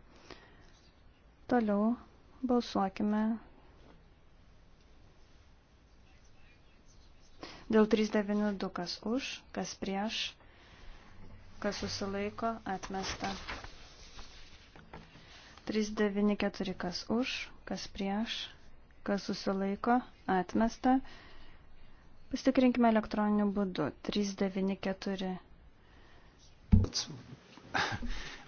Toliau balsuokime Dėl 392 kas už, kas prieš, kas susilaiko, atmesta. 394 kas už, kas prieš, kas susilaiko, atmesta. Pasitikrinkime elektroniniu būdu. 394.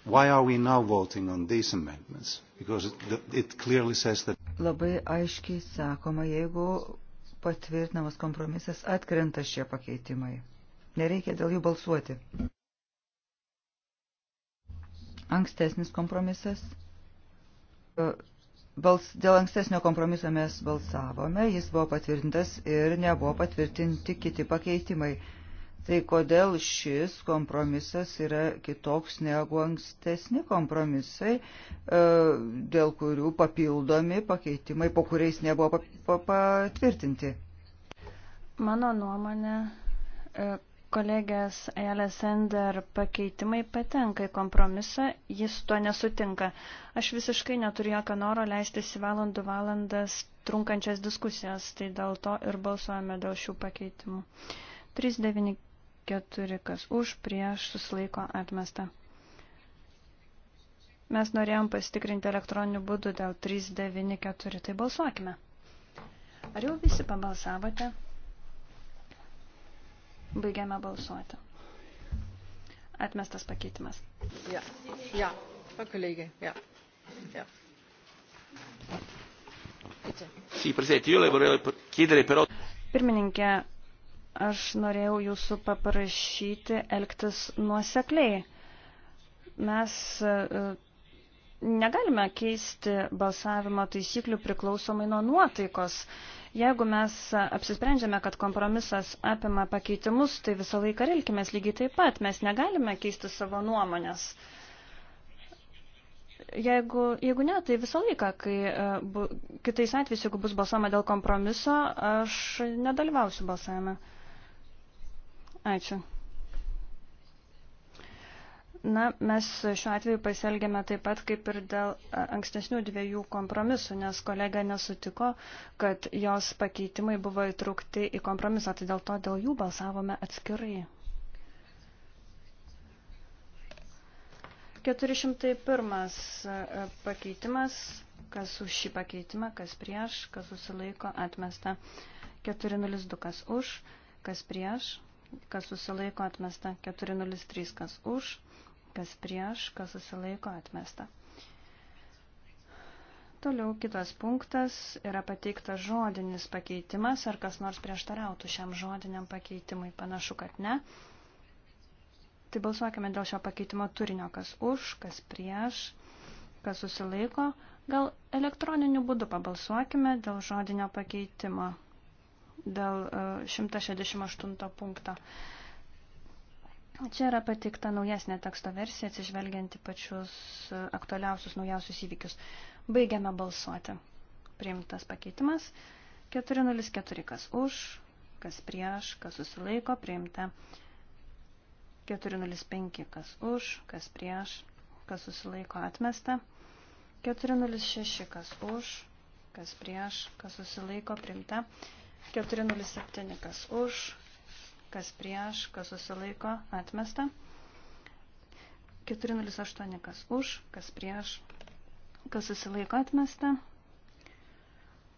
Why are we now voting on these amendments? Because it, it clearly says that... Labai aiškiai sakoma, jeigu patvirtinamas kompromisas atkrenta šie pakeitimai. Nereikia dėl jų balsuoti. Ankstesnis kompromisas. E, bals, dėl ankstesnio kompromiso mes balsavome, jis buvo patvirtintas ir nebuvo patvirtinti kiti pakeitimai. Tai kodėl šis kompromisas yra kitoks negu ankstesni kompromisai, e, dėl kurių papildomi pakeitimai, po kuriais nebuvo patvirtinti? Mano nuomonė, e, kolegės Ajelės Ender pakeitimai patenka į kompromisą, jis tuo nesutinka. Aš visiškai neturiu jokio noro leistis į valandų valandas trunkančias diskusijas, tai dėl to ir balsuojame dėl šių pakeitimų. 394 4, kas už, prieš, susilaiko atmesta. Mes norėjom pasitikrinti elektroniniu būdu dėl 394, tai balsuokime. Ar jau visi pabalsavote? Baigiame balsuoti. Atmestas pakeitimas. Ja, ja, kolegė, ja. ja. Sì, Presidente, io le vorrei chiedere però... Pirmininkė, Aš norėjau jūsų paprašyti elgtis nuosekliai. Mes e, negalime keisti balsavimo taisyklių priklausomai nuo nuotaikos. Jeigu mes apsisprendžiame, kad kompromisas apima pakeitimus, tai visą laiką rilkime lygiai taip pat. Mes negalime keisti savo nuomonės. Jeigu, jeigu ne, tai visą laiką, kai e, bu, kitais atvejais, jeigu bus balsama dėl kompromiso, aš nedalyvausiu balsavime. Ačiū. Na, mes šiuo atveju pasielgėme taip pat kaip ir dėl ankstesnių dviejų kompromisų, nes kolega nesutiko, kad jos pakeitimai buvo įtraukti į kompromisą, tai dėl to dėl jų balsavome atskirai. 401 pakeitimas, kas už šį pakeitimą, kas prieš, kas susilaiko, atmesta. 402 kas už, kas prieš, kas susilaiko atmesta, 403 kas už, kas prieš, kas susilaiko atmesta. Toliau kitas punktas yra pateiktas žodinis pakeitimas, ar kas nors prieštarautų šiam žodiniam pakeitimui, panašu, kad ne. Tai balsuokime dėl šio pakeitimo turinio, kas už, kas prieš, kas susilaiko. Gal elektroniniu būdu pabalsuokime dėl žodinio pakeitimo dėl 168 e, punkto. Čia yra patikta naujesnė teksto versija, atsižvelgianti pačius e, aktualiausius, naujausius įvykius. Baigiame balsuoti. Priimtas pakeitimas. 404 kas už, kas prieš, kas susilaiko, priimta. 405 kas už, kas prieš, kas susilaiko, atmesta. 406 kas už, kas prieš, kas susilaiko, priimta. 407 407, kas už, kas prieš, kas susilaiko, atmesta. 408, kas už, kas prieš, kas susilaiko, atmesta.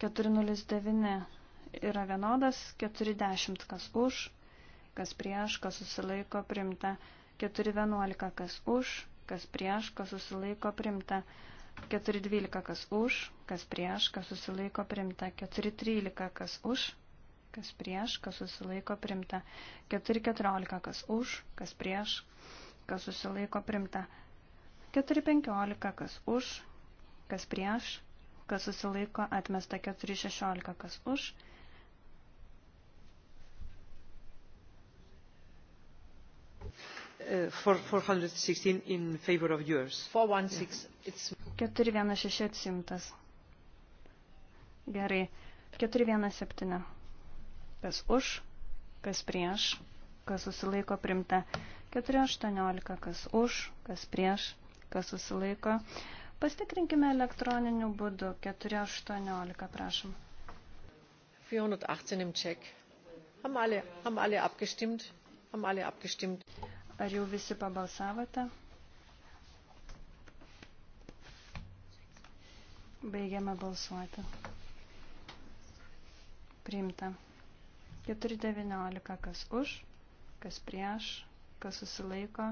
409 yra vienodas, 410, kas už, kas prieš, kas susilaiko, primta. 411, kas už, kas prieš, kas susilaiko, primta. 412, 4.12 kas už, kas prieš, kas susilaiko primta. 4.13 kas už, kas prieš, kas susilaiko primta. 4.14 kas už, kas prieš, kas susilaiko primta. 4.15 kas už, kas prieš, kas susilaiko atmesta. 4.16 kas už, kas prieš Uh, 416 in favor of yours. 416. It's... 416 atsimtas. Gerai. 417. Kas už, kas prieš, kas susilaiko primta. 418. Kas už, kas prieš, kas susilaiko. Pastikrinkime elektroniniu būdu. 418, prašom. 418 im Check. Haben alle, haben alle abgestimmt? Haben alle abgestimmt? Ar jau visi pabalsavote? Baigiame balsuoti. Priimta. 4.19. Kas už, kas prieš, kas susilaiko.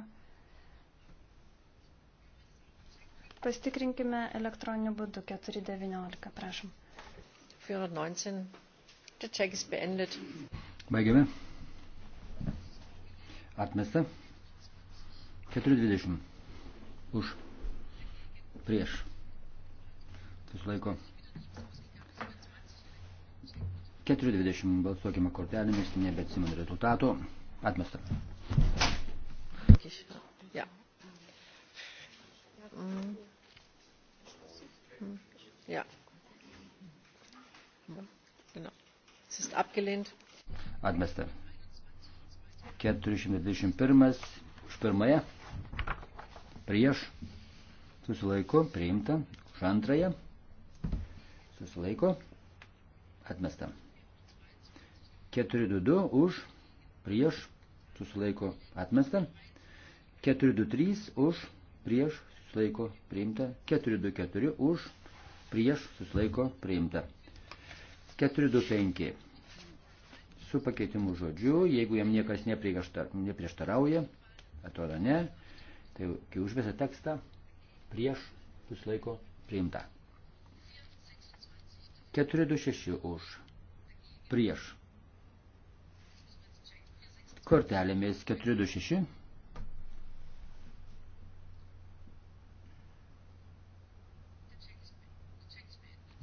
Pastikrinkime elektroniniu būdu. 4.19. Prašom. 419. Der Check ist beendet. Baigiame. Atmesta. 420 už prieš. Vis laiko. 420 balsuokime kortelėmis, nebeatsimenu rezultato. Atmesta. Ja. Mm. Ja. Genau. Es ist abgelehnt. Atmesta. 421 už pirmąją prieš, susilaiko, priimta, už antrąją, susilaiko, atmesta. 422 už, prieš, susilaiko, atmesta. 423 už, prieš, susilaiko, priimta. 424 už, prieš, susilaiko, priimta. 425 su pakeitimu žodžiu, jeigu jam niekas neprieštarauja, atrodo ne, Tai kai užvesa tekstą, prieš susilaiko priimta. 426 už. Prieš. Kortelėmis 426.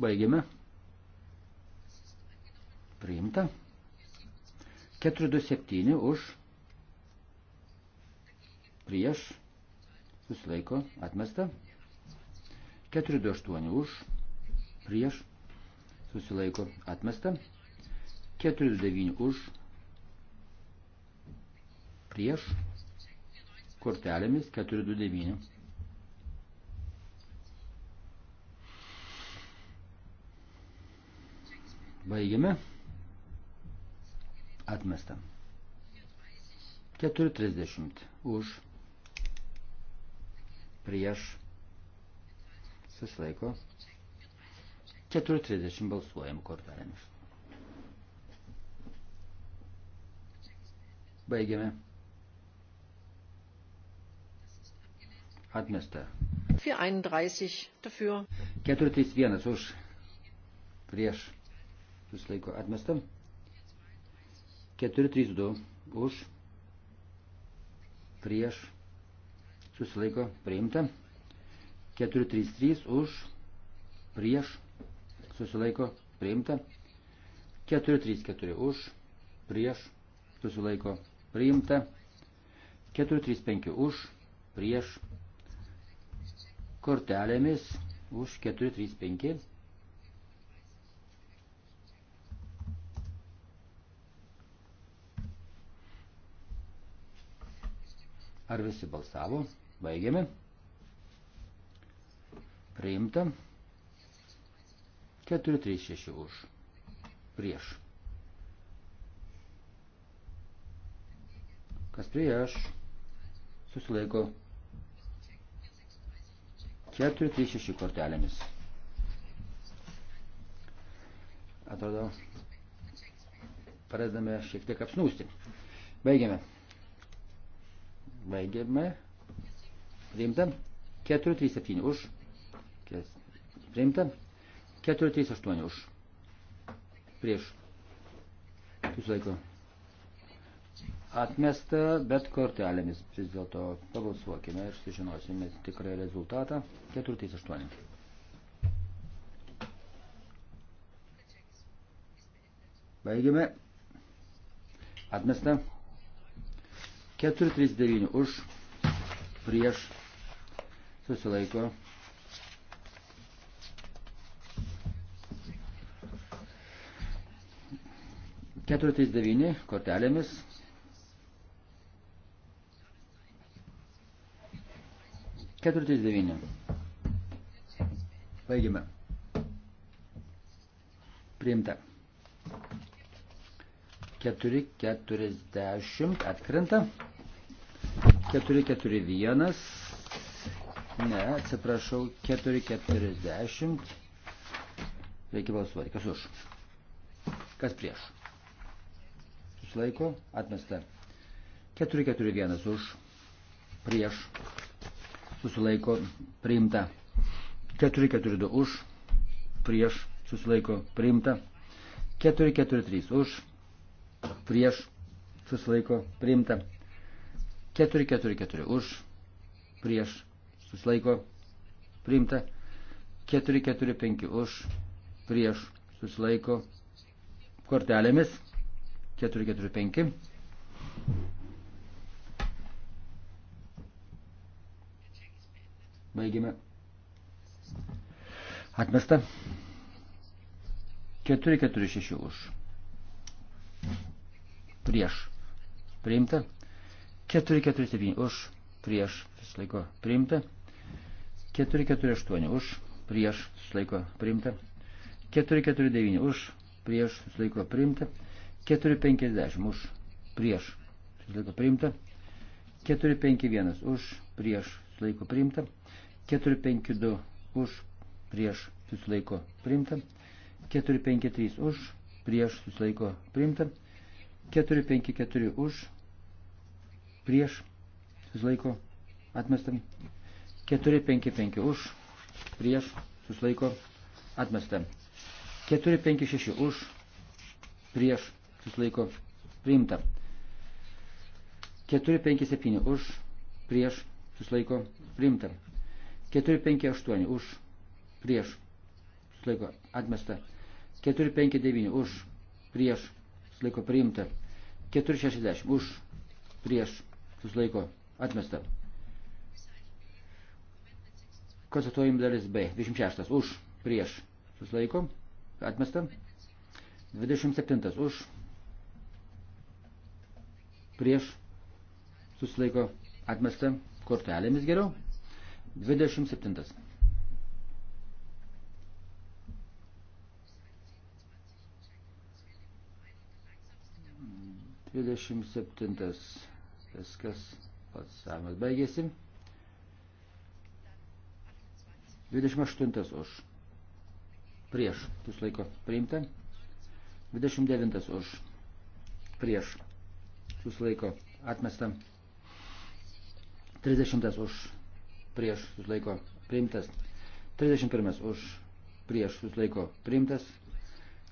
Baigiame. Priimta. 427 už. Prieš susilaiko atmesta. 428 už, prieš, susilaiko atmesta. 49 už, prieš, kortelėmis 429. Baigiame. Atmesta. 4.30 už prieš susilaiko. 4.30 balsuojam kortelėmis. Baigiame. Atmesta. 431 dafür. 431 už. Prieš. Susilaiko. Atmesta. 432 už. Prieš susilaiko priimta. 433 už, prieš, susilaiko priimta. 434 už, prieš, susilaiko priimta. 435 už, prieš, kortelėmis už 435. Ar visi balsavo? Baigiame. Priimta. 436 už. Prieš. Kas prieš? Susilaiko. 436 kortelėmis. Atrodo, pradedame šiek tiek apsnūsti. Baigiame. Baigiame priimta, 437 už, priimta, 438 už, prieš, susilaiko, atmesta, bet kortelėmis vis dėlto pabalsuokime ir sužinosime tikrą rezultatą, 438. Baigiame. Atmesta. 439 už prieš susilaiko. Keturiasdešimt devyni kortelėmis. Keturiasdešimt devyni. Baigime. Priimta. 440 atkrenta. 441 Ne, atsiprašau, 440. Reikia balsuoti. Kas už? Kas prieš? Susilaiko, atmesta. 441 už, prieš, susilaiko, priimta. 442 už, prieš, susilaiko, priimta. 443 už, prieš, susilaiko, priimta. 444 už, prieš, susilaiko priimta. 445 už prieš susilaiko kortelėmis. 445. Baigime. Atmesta. 446 už. Prieš. Priimta. 447 už. Prieš. Vis laiko. Priimta. 448 už, prieš, susilaiko priimta. 449 už, prieš, susilaiko priimta. 450 už, prieš, susilaiko priimta. 451 už, prieš, susilaiko priimta. 452 už, prieš, susilaiko priimta. 453 už, prieš, susilaiko priimta. 454 už, prieš, susilaiko atmestam. 455 už, prieš, susilaiko, atmesta. 456 už, prieš, susilaiko, priimta. 457 už, prieš, susilaiko, priimta. 458 už, prieš, susilaiko, atmesta. 459 už, prieš, susilaiko, priimta. 460 už, prieš, susilaiko, atmesta. Konstatuojam dalis B. 26. Už. Prieš. Susilaiko. Atmesta. 27. Už. Prieš. Susilaiko. Atmesta. Kortelėmis geriau. 27. Dvidešimt septintas. Viskas pats samas baigėsi. 28 už. Prieš. Susilaiko priimta. 29 už. Prieš. Susilaiko atmesta. 30 už. Prieš. Susilaiko priimtas. 31 už. Prieš. Susilaiko priimtas.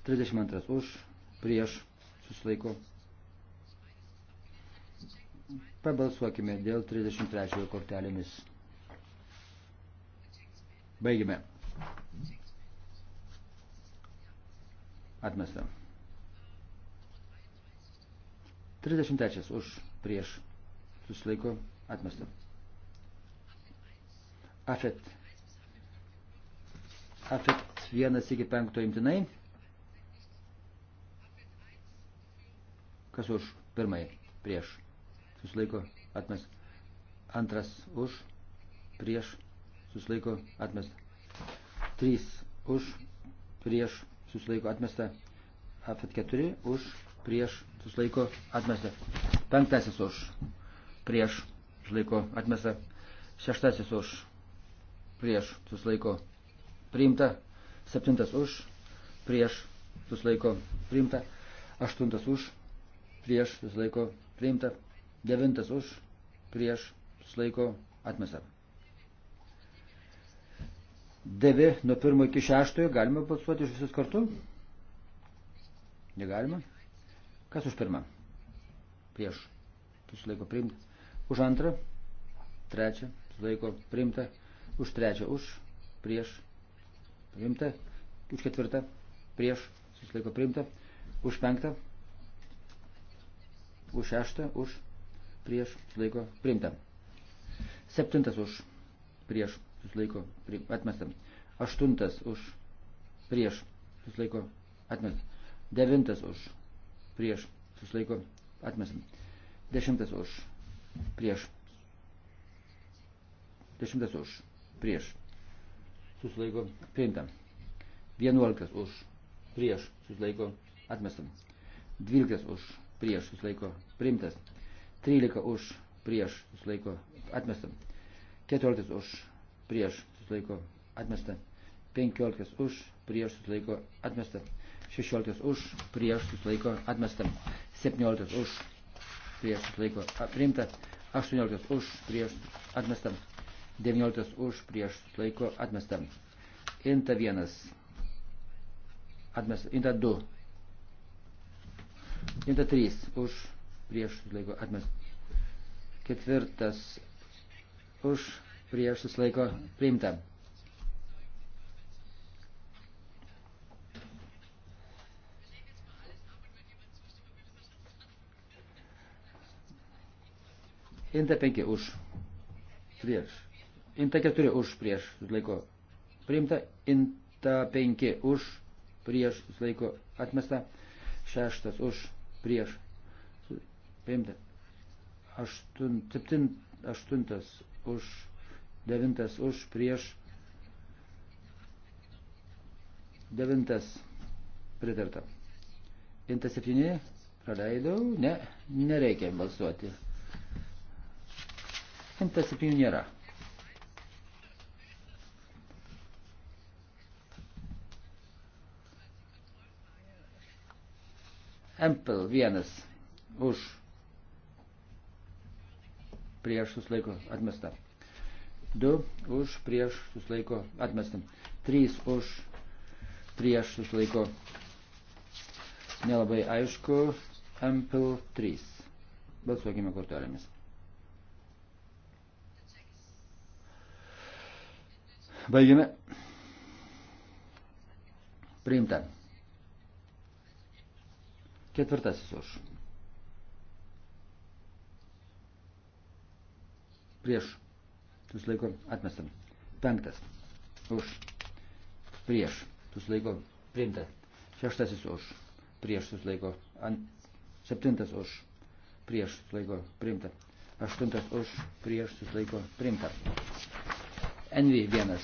32 už. Prieš. Susilaiko. Pabalsuokime dėl 33 kortelėmis. Baigime. Atmesta. 33 už prieš susilaiko atmesta. Afet. Afet 1 iki 5 imtinai. Kas už pirmąjį prieš susilaiko atmesta. Antras už prieš susilaiko atmesta. 3 už, prieš, susilaiko atmesta. Afet 4 už, prieš, susilaiko atmesta. Penktasis už, prieš, susilaiko atmesta. Šeštasis už, prieš, susilaiko priimta. Septintas už, prieš, susilaiko priimta. Aštuntas už, prieš, susilaiko priimta. Devintas už, prieš, susilaiko atmesta. Devi nuo pirmo iki šeštojo galima balsuoti už visus kartu? Negalima. Kas už pirmą? Prieš. Tu sulaiko priimta. Už antrą. Trečią. Sulaiko priimta. Už trečią. Už. Prieš. Priimta. Už ketvirtą. Prieš. Susilaiko priimta. Už penktą. Už šeštą. Už. Prieš. Sulaiko priimta. Septintas už. Prieš susilaiko atmesta. Aštuntas už prieš susilaiko atmesta. Devintas už prieš susilaiko atmesta. Dešimtas už prieš. Dešimtas už prieš susilaiko priimta. Vienuoliktas už prieš susilaiko atmestam. Dvyliktas už prieš susilaiko priimtas. Trylika už prieš susilaiko atmestam. Keturioliktas už prieš susilaiko atmesta. 15 už prieš susilaiko atmesta. 16 už prieš susilaiko atmesta. 17 už prieš susilaiko priimta. 18 už prieš atmesta. 19 už prieš susilaiko atmesta. Inta 1. Atmesta. Inta 2. Inta 3 už prieš susilaiko atmesta. Ketvirtas už prieš susilaiko priimta. Inta 5 už. Prieš. Inta 4 už prieš laiko priimta. Inta 5 už prieš laiko atmesta. Šeštas už prieš priimta. Aštun, septin, aštuntas už Devintas už prieš. Devintas pritarta. Intas septyni praleidau. Ne, nereikia balsuoti. Intas septyni nėra. Empel vienas už prieš susilaiko atmestą. 2 už prieš susilaiko atmestam. 3 už prieš susilaiko nelabai aišku. MPL 3. Balsuokime kortelėmis. Baigiame. Priimta. Ketvirtasis už. Prieš susilaiko atmesta. Penktas už prieš susilaiko priimta. Šeštasis už prieš susilaiko ant. Septintas už prieš susilaiko priimta. Aštuntas už prieš susilaiko priimta. NV1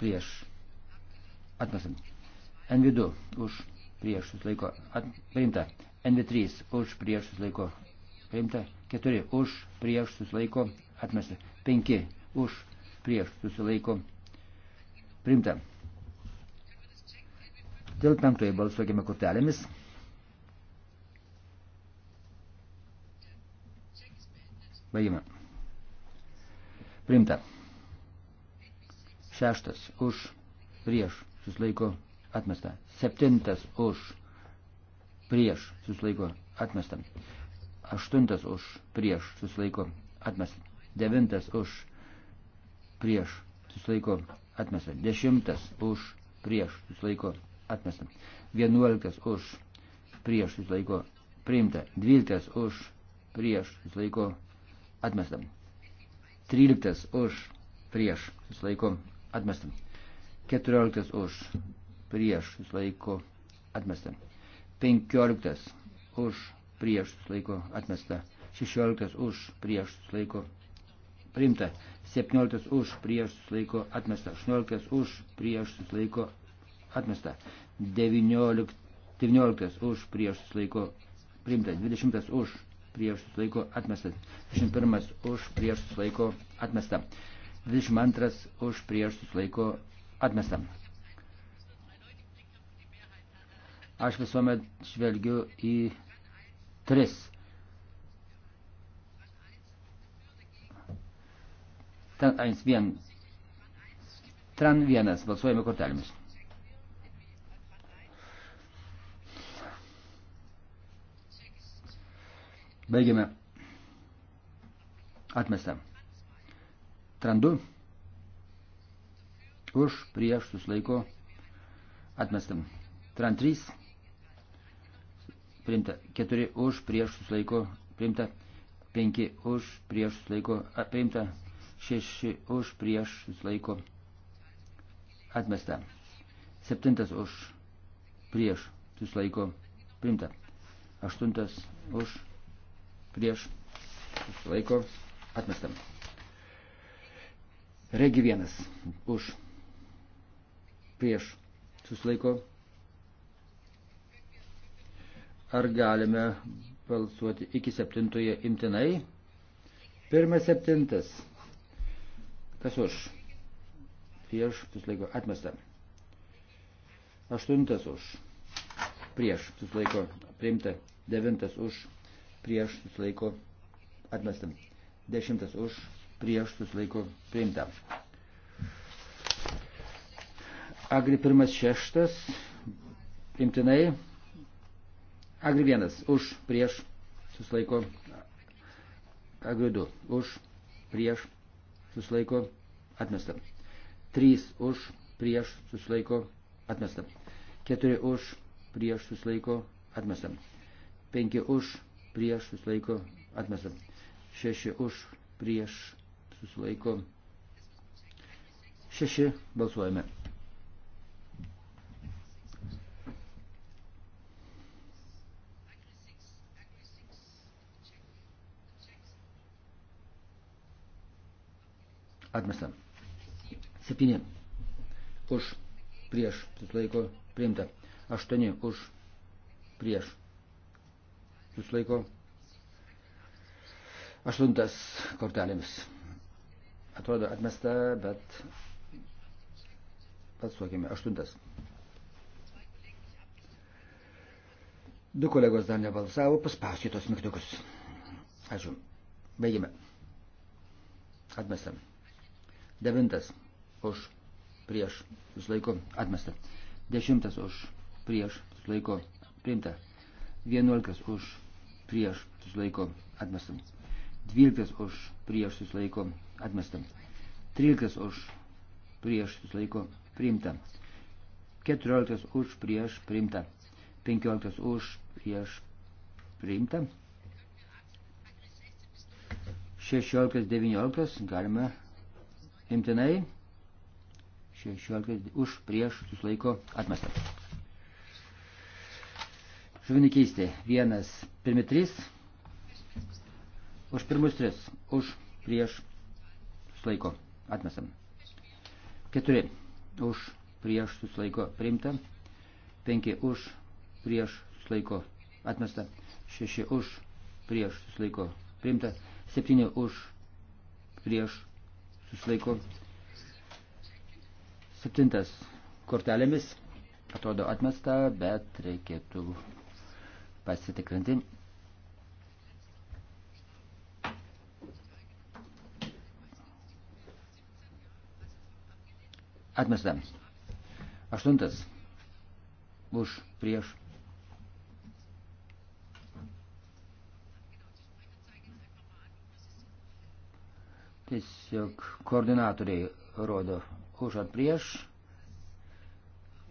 prieš atmestam. NV2 už prieš susilaiko at, priimta. NV3 už prieš susilaiko priimta. 4 už prieš susilaiko atmestam. 5 už prieš susilaiko primta. Dėl penktojo balsuokime kortelėmis. Baigime. Primta. Šeštas už prieš susilaiko atmesta. Septintas už prieš susilaiko atmesta. Aštuntas už prieš susilaiko atmesta. Devintas už prieš susilaiko atmesta. Dešimtas už prieš susilaiko atmesta. Vienuoliktas už prieš susilaiko priimta. Dvyliktas už prieš susilaiko atmesta. Tryliktas už prieš susilaiko atmesta. Keturioliktas už prieš susilaiko atmesta. Penkioliktas už prieš susilaiko atmesta. Šešioliktas už prieš susilaiko atmesta priimta, 17 už prieš susilaiko atmesta, 18 už prieš susilaiko atmesta, 19, 19 už prieš susilaiko priimta, 20 už prieš susilaiko atmesta, 21 už prieš susilaiko atmesta, 22 už prieš susilaiko atmesta. Aš visuomet žvelgiu į tris Ten 1. Tran 1. Balsuojame kortelėmis. Baigiame. Atmesta. Tran 2. Už, prieš, susilaiko. Atmestam. Tran 3. Priimta. 4 už, prieš, susilaiko. Priimta. 5 už, prieš, susilaiko. Priimta. 6 už prieš laiko atmesta. 7 už prieš laiko primta. 8 už prieš laiko atmesta. Regi vienas už prieš susilaiko. Ar galime balsuoti iki septintoje imtinai? Pirmas septintas. Kas už? Prieš susilaiko atmesta. Aštuntas už. Prieš susilaiko priimta. Devintas už. Prieš susilaiko atmesta. Dešimtas už. Prieš susilaiko priimta. Agri pirmas šeštas. Primtinai. Agri vienas. Už. Prieš susilaiko. Agri du. Už. Prieš susilaiko atmesta. 3 už, prieš susilaiko atmesta. 4 už, prieš susilaiko atmesta. 5 už, prieš susilaiko atmesta. 6 už, prieš susilaiko. 6 balsuojame. Atmesta. 7. Už. Prieš. Susilaiko. Priimta. 8. Už. Prieš. Susilaiko. Aštuntas kortelėmis. Atrodo atmesta, bet pasuokime. Aštuntas. Du kolegos dar nebalsavo, paspausti tos mygtukus. Ačiū. Baigime. Atmestam. Devintas už prieš susilaiko atmesta. Dešimtas už prieš susilaiko priimta. Vienuolkas už prieš susilaiko atmesta. Dvyliktas už prieš susilaiko atmesta. Tryliktas už prieš susilaiko priimta. Keturioliktas už prieš priimta. Penkioliktas už prieš priimta. 16-19 galime imtinai. 16 už prieš susilaiko atmestas. Žuvininkystė. Vienas, pirmi trys. Už pirmus tris. Už prieš susilaiko atmestam. Keturi. Už prieš susilaiko priimta. Penki už prieš susilaiko atmesta. Šeši už prieš susilaiko priimta. Septyni už prieš susilaiko. Septintas kortelėmis atrodo atmesta, bet reikėtų pasitikrinti. Atmesta. Aštuntas. Už prieš Tiesiog koordinatoriai rodo už ar prieš,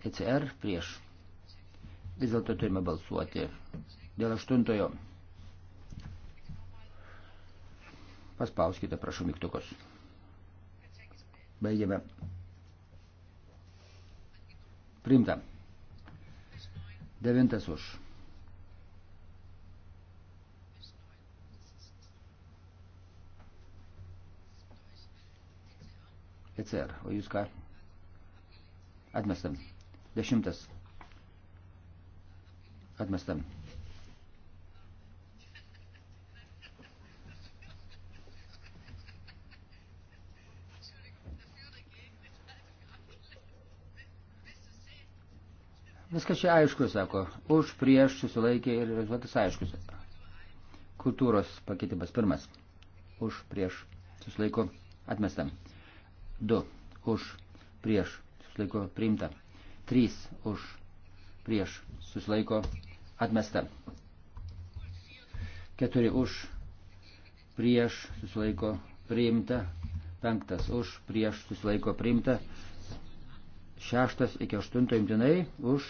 ECR prieš. Vis dėlto turime balsuoti dėl aštuntojo. Paspauskite, prašau, mygtukus. Baigiame. Primta. Devintas už. ECR. O jūs ką? Atmestam. Dešimtas. Atmestam. Viskas čia aišku, sako. Už, prieš, susilaikė ir rezultatas aiškus. Kultūros pakeitimas pirmas. Už, prieš, susilaiko, atmestam. 2 už prieš susilaiko priimta. 3 už prieš susilaiko atmesta. 4 už prieš susilaiko priimta. 5 už prieš susilaiko priimta. 6 iki 8 imtinai už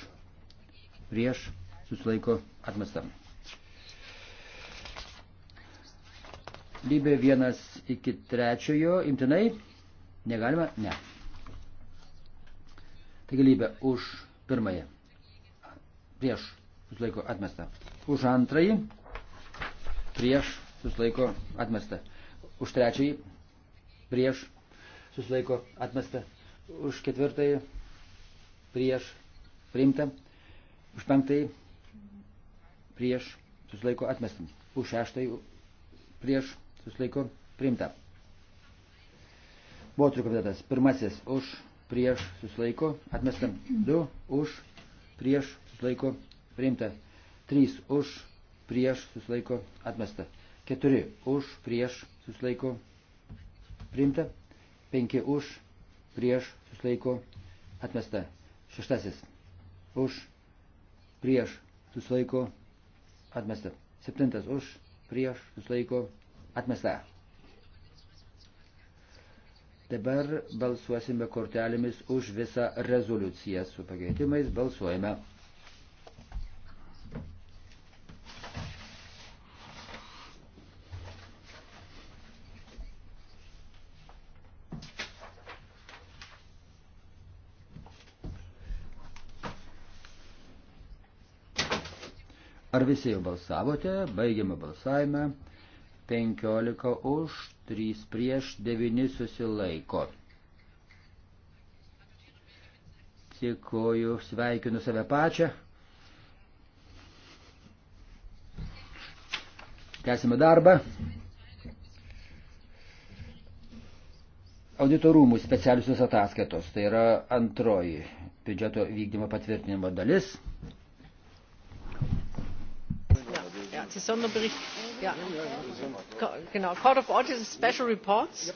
prieš susilaiko atmesta. Lybė vienas iki trečiojo imtinai Negalima? Ne. Taigi lybė už pirmąją. Prieš susilaiko atmesta. Už antrąjį. Prieš susilaiko atmesta. Už trečiąjį. Prieš susilaiko atmesta. Už ketvirtąjį. Prieš priimta. Už penktąjį. Prieš susilaiko atmesta. Už šeštąjį. Prieš susilaiko priimta. Buvo trikomitetas. Pirmasis už, prieš, susilaiko, atmestam. Du, už, prieš, susilaiko, priimta. Trys, už, prieš, susilaiko, atmesta. Keturi, už, prieš, susilaiko, priimta. Penki, už, prieš, susilaiko, atmesta. Šeštasis, už, prieš, susilaiko, atmesta. Septintas, už, prieš, susilaiko, atmesta. Dabar balsuosime kortelėmis už visą rezoliuciją su pakeitimais. Balsuojame. Ar visi jau balsavote? Baigiame balsavimą. 15 už, 3 prieš, 9 susilaiko. Tikoju, sveikinu save pačią. Tęsime darbą. Auditorumų specialiusios ataskaitos, tai yra antroji biudžeto vykdymo patvirtinimo dalis. Ja, ja, Ja. Genau. Court of Auditors Special Reports.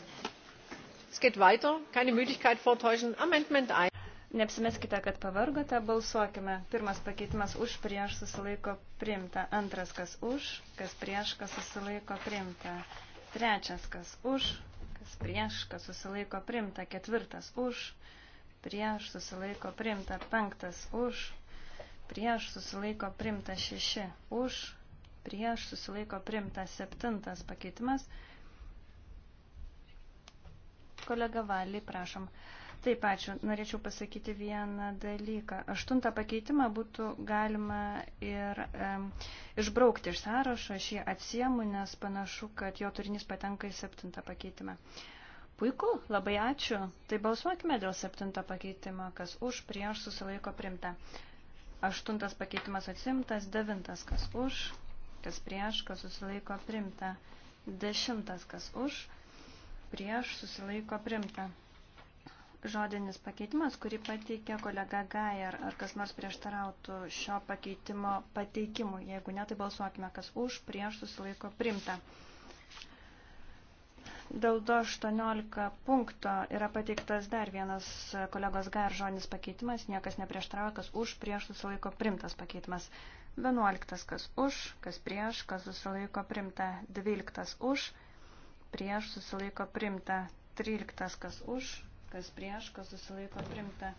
Es geht weiter. Keine Müdigkeit vortäuschen. Amendment 1. Neapsimeskite, kad pavargote, balsuokime. Pirmas pakeitimas už, prieš, susilaiko, priimta. Antras, kas už, kas prieš, kas susilaiko, priimta. Trečias, kas už, kas prieš, kas susilaiko, priimta. Ketvirtas, už, prieš, susilaiko, priimta. Penktas, už, prieš, susilaiko, priimta. Šeši, už, prieš susilaiko primtas septintas pakeitimas. Kolega Valiai, prašom. Taip, ačiū. Norėčiau pasakyti vieną dalyką. Aštuntą pakeitimą būtų galima ir e, išbraukti iš sąrašo, aš jį atsiemu, nes panašu, kad jo turinys patenka į septintą pakeitimą. Puiku, labai ačiū. Tai balsuokime dėl septinto pakeitimo, kas už, prieš, susilaiko primta. Aštuntas pakeitimas atsimtas, devintas kas už, kas prieš, kas susilaiko primta. Dešimtas, kas už, prieš, susilaiko primta. Žodinis pakeitimas, kurį pateikė kolega Gajer, ar kas nors prieštarautų šio pakeitimo pateikimui. Jeigu ne, tai balsuokime, kas už, prieš, susilaiko primta. Dėl to 18 punkto yra pateiktas dar vienas kolegos Gair žodinis pakeitimas, niekas neprieštarauja, kas už, prieš, susilaiko primtas pakeitimas. 11 kas už, kas prieš, kas susilaiko primta, 12 už, prieš susilaiko primta, 13 kas už, kas prieš, kas susilaiko primta,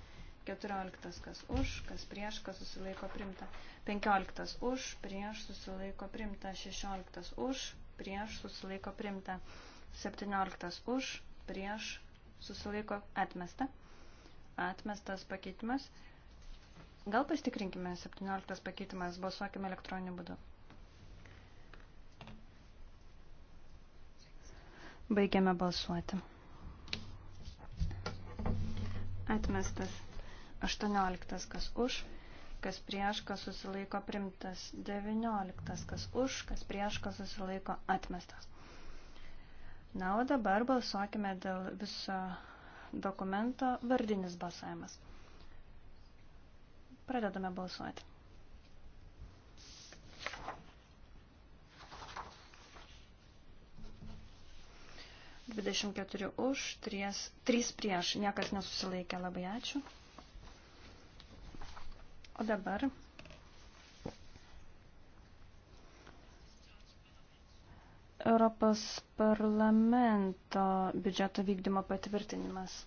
14 kas už, kas prieš, kas susilaiko primta, 15 už, prieš susilaiko primta, 16 už, prieš susilaiko primta, 17 už, prieš susilaiko atmesta, atmestas pakeitimas. Gal pastikrinkime 17 pakeitimas, balsuokime elektroniniu būdu. Baigiame balsuoti. Atmestas 18, kas už, kas prieš, kas susilaiko primtas 19, kas už, kas prieš, kas susilaiko atmestas. Na, o dabar balsuokime dėl viso dokumento vardinis balsavimas. Pradedame balsuoti. Dvidešimt keturi už, trys prieš, niekas nesusilaikė, labai ačiū. O dabar Europos parlamento biudžeto vykdymo patvirtinimas.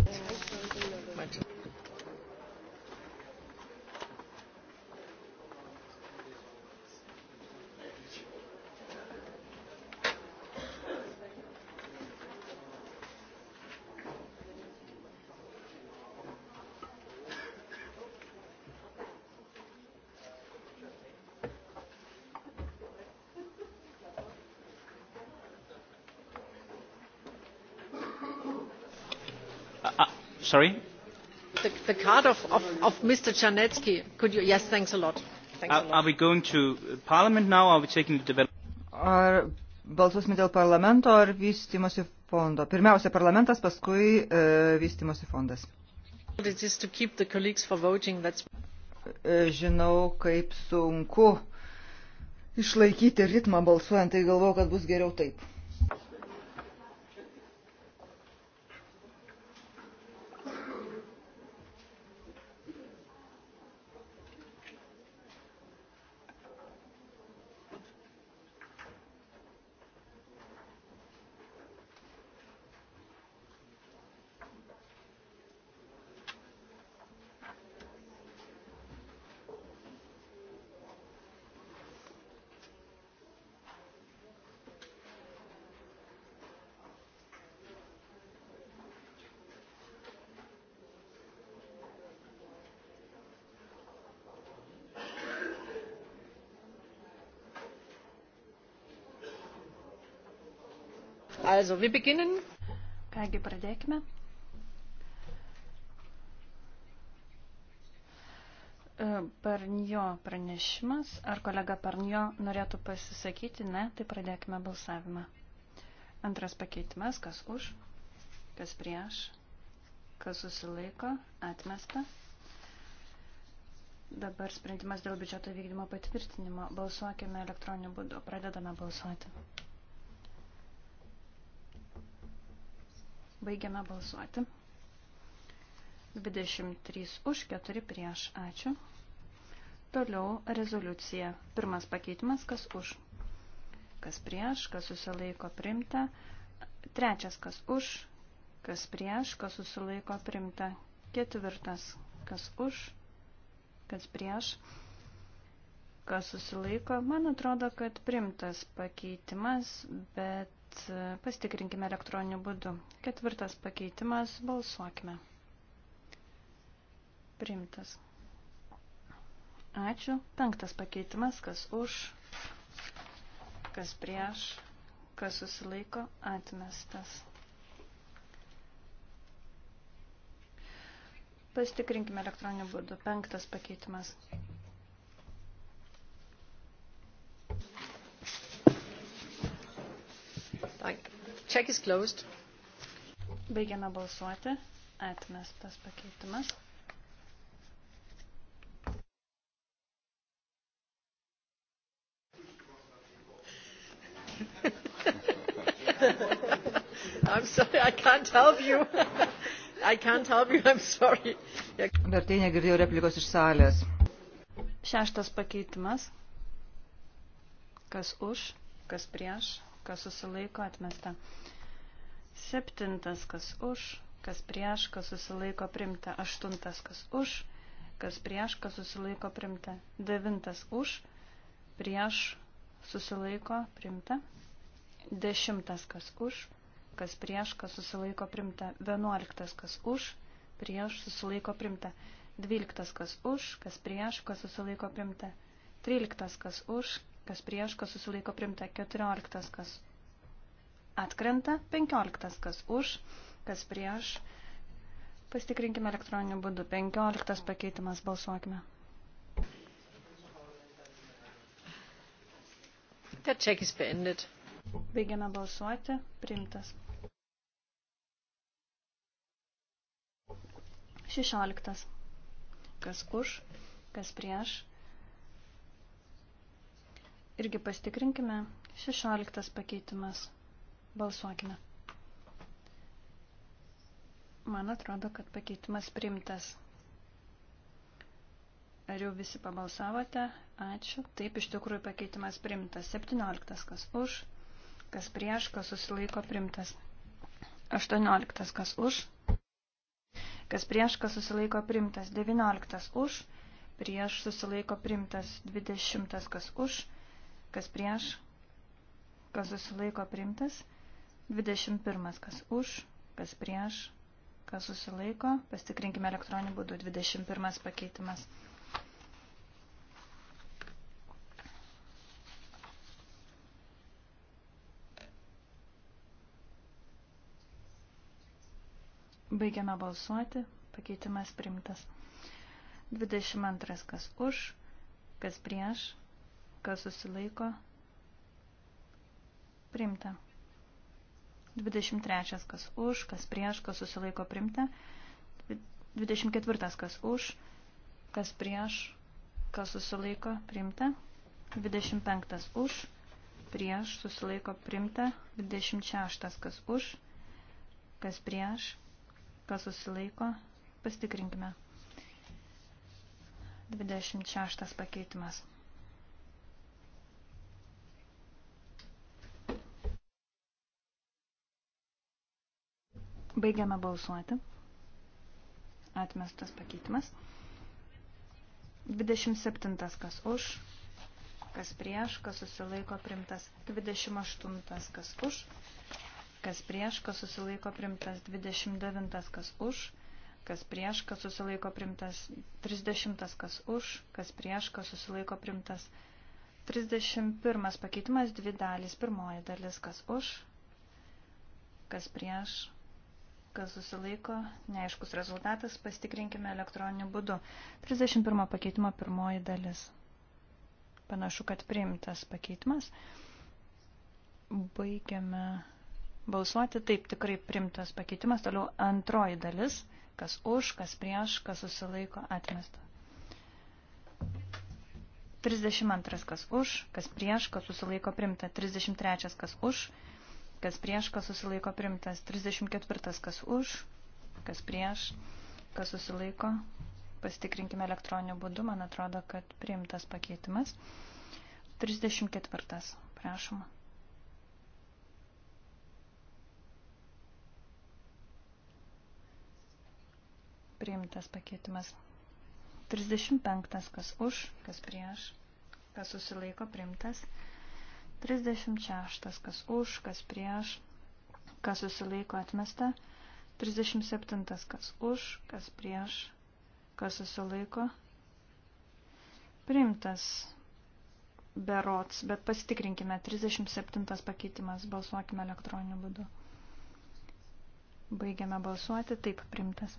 Mačiau. sorry? The, the card of, of, of Mr. Czarnecki. Could you? Yes, thanks a lot. Thanks are, a lot. Are we going to Parliament now? Are we taking the development? Ar balsuosime dėl parlamento ar vystimosi fondo? Pirmiausia parlamentas, paskui e, vystimosi fondas. Voting, e, Žinau, kaip sunku išlaikyti ritmą balsuojant, tai galvoju, kad bus geriau taip. Also, wir beginnen. Kągi, pradėkime. E, Parnio pranešimas. Ar kolega Parnio norėtų pasisakyti? Ne, tai pradėkime balsavimą. Antras pakeitimas, kas už, kas prieš, kas susilaiko, atmesta. Dabar sprendimas dėl biudžeto vykdymo patvirtinimo. Balsuokime elektroniniu būdu. Pradedame balsuoti. Baigiame balsuoti. 23 už, 4 prieš. Ačiū. Toliau rezoliucija. Pirmas pakeitimas, kas už. Kas prieš, kas susilaiko primta. Trečias, kas už, kas prieš, kas susilaiko primta. Ketvirtas, kas už, kas prieš, kas susilaiko. Man atrodo, kad primtas pakeitimas, bet bet pasitikrinkime elektroniniu būdu. Ketvirtas pakeitimas, balsuokime. Priimtas. Ačiū. Penktas pakeitimas, kas už, kas prieš, kas susilaiko, atmestas. Pasitikrinkime elektroniniu būdu. Penktas pakeitimas. Check is closed. Baigiame balsuoti. Atmestas pakeitimas. I'm sorry, I can't help you. I can't help you, I'm sorry. Vertai negirdėjau replikos iš salės. Šeštas pakeitimas. Kas už, kas prieš kas susilaiko atmesta. Septintas, kas už, kas prieš, kas susilaiko primta. Aštuntas, kas už, kas prieš, kas susilaiko primta. Devintas už, prieš, susilaiko primta. Dešimtas, kas už, kas prieš, kas susilaiko primta. Vienuoliktas, kas už, prieš, susilaiko primta. Dvyliktas, kas už, kas prieš, kas susilaiko primta. Tryliktas, kas už, kas prieš, kas susilaiko primta 14, kas atkrenta 15, kas už, kas prieš. Pastikrinkime elektroniniu būdu. 15 pakeitimas balsuokime. Der Check ist beendet. Baigiame balsuoti. Priimtas. 16. Kas už, kas prieš, Irgi pastikrinkime. 16 pakeitimas. Balsuokime. Man atrodo, kad pakeitimas primtas. Ar jau visi pabalsavote? Ačiū. Taip, iš tikrųjų pakeitimas primtas. 17. Kas už, kas prieš, kas susilaiko primtas. 18. Kas už, kas prieš, kas susilaiko primtas. 19. Už, prieš susilaiko primtas. 20. Kas už, prieš kas prieš, kas susilaiko priimtas. 21. Kas už, kas prieš, kas susilaiko. Pastikrinkime elektroniniu būdu. 21. pakeitimas. Baigiame balsuoti. Pakeitimas primtas. 22. Kas už, kas prieš, kas susilaiko, primta. 23. kas už, kas prieš, kas susilaiko, primta. 24. kas už, kas prieš, kas susilaiko, primta. 25. už, prieš, susilaiko, primta. 26. kas už, kas prieš, kas susilaiko, pastikrinkime. 26 pakeitimas. Baigiame balsuoti. Atmestas pakeitimas. 27. Kas už, kas prieš, kas susilaiko primtas. 28. Kas už, kas prieš, kas susilaiko primtas. 29. Kas už, kas prieš, kas susilaiko primtas. 30. Kas už, kas prieš, kas susilaiko primtas. 31. Pakeitimas dvi dalys. Pirmoji dalis, kas už, kas prieš, kas susilaiko, neaiškus rezultatas, pastikrinkime elektroniniu būdu. 31 pakeitimo pirmoji dalis. Panašu, kad priimtas pakeitimas. Baigiame balsuoti. Taip, tikrai priimtas pakeitimas. Toliau antroji dalis. Kas už, kas prieš, kas susilaiko, atmesta. 32. Kas už, kas prieš, kas susilaiko, primta. 33. Kas už, kas prieš, kas susilaiko primtas. 34. kas už, kas prieš, kas susilaiko. Pasitikrinkime elektroniniu būdu, man atrodo, kad priimtas pakeitimas. 34. Prašom. Priimtas pakeitimas. 35. Kas už, kas prieš, kas susilaiko primtas. 36. 36. Kas už, kas prieš, kas susilaiko atmesta. 37. Kas už, kas prieš, kas susilaiko. Primtas berots, bet pasitikrinkime. 37. pakeitimas. Balsuokime elektroniniu būdu. Baigiame balsuoti. Taip, primtas.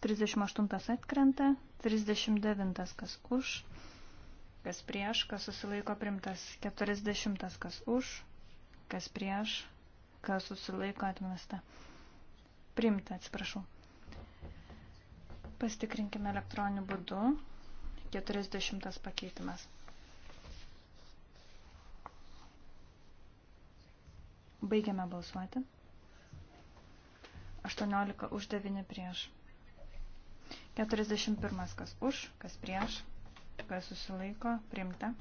38 atkrenta, 39 kas už, kas prieš, kas susilaiko primtas. 40, kas už, kas prieš, kas susilaiko atmesta. Primta, atsiprašau. Pastikrinkime elektroniniu būdu. 40 pakeitimas. Baigiame balsuoti. 18 už 9 prieš. 41 kas už, kas prieš, kas susilaiko, priimta.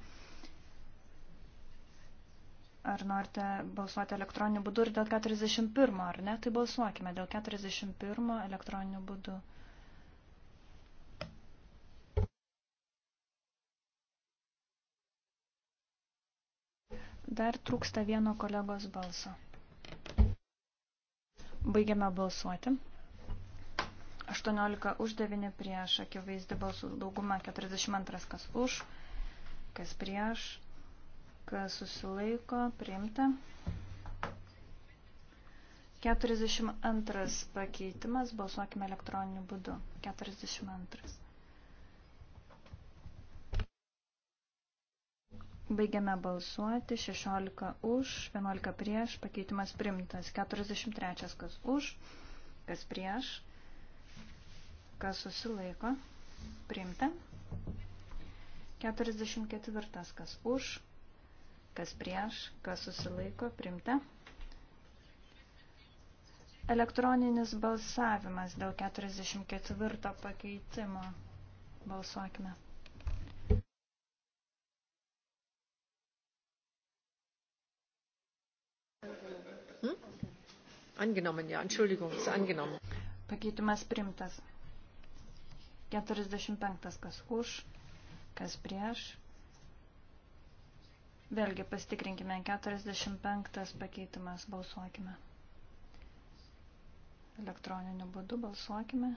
Ar norite balsuoti elektroniniu būdu ir dėl 41, ar ne? Tai balsuokime dėl 41 elektroniniu būdu. Dar trūksta vieno kolegos balso. Baigiame balsuoti. 18 už 9 prieš, akivaizdį balsų dauguma 42, kas už, kas prieš, kas susilaiko, priimta. 42 pakeitimas, balsuokime elektroniniu būdu. 42. Baigiame balsuoti, 16 už, 11 prieš, pakeitimas primtas, 43 kas už, kas prieš, kas susilaiko, priimta. 44. Kas už, kas prieš, kas susilaiko, priimta. Elektroninis balsavimas dėl 44 pakeitimo. Balsuokime. Hm? Angenommen, ja, Entschuldigung, ist angenommen. Pakeitimas primtas. 45 kas už, kas prieš. Vėlgi pasitikrinkime 45 pakeitimas, balsuokime. Elektroniniu būdu balsuokime.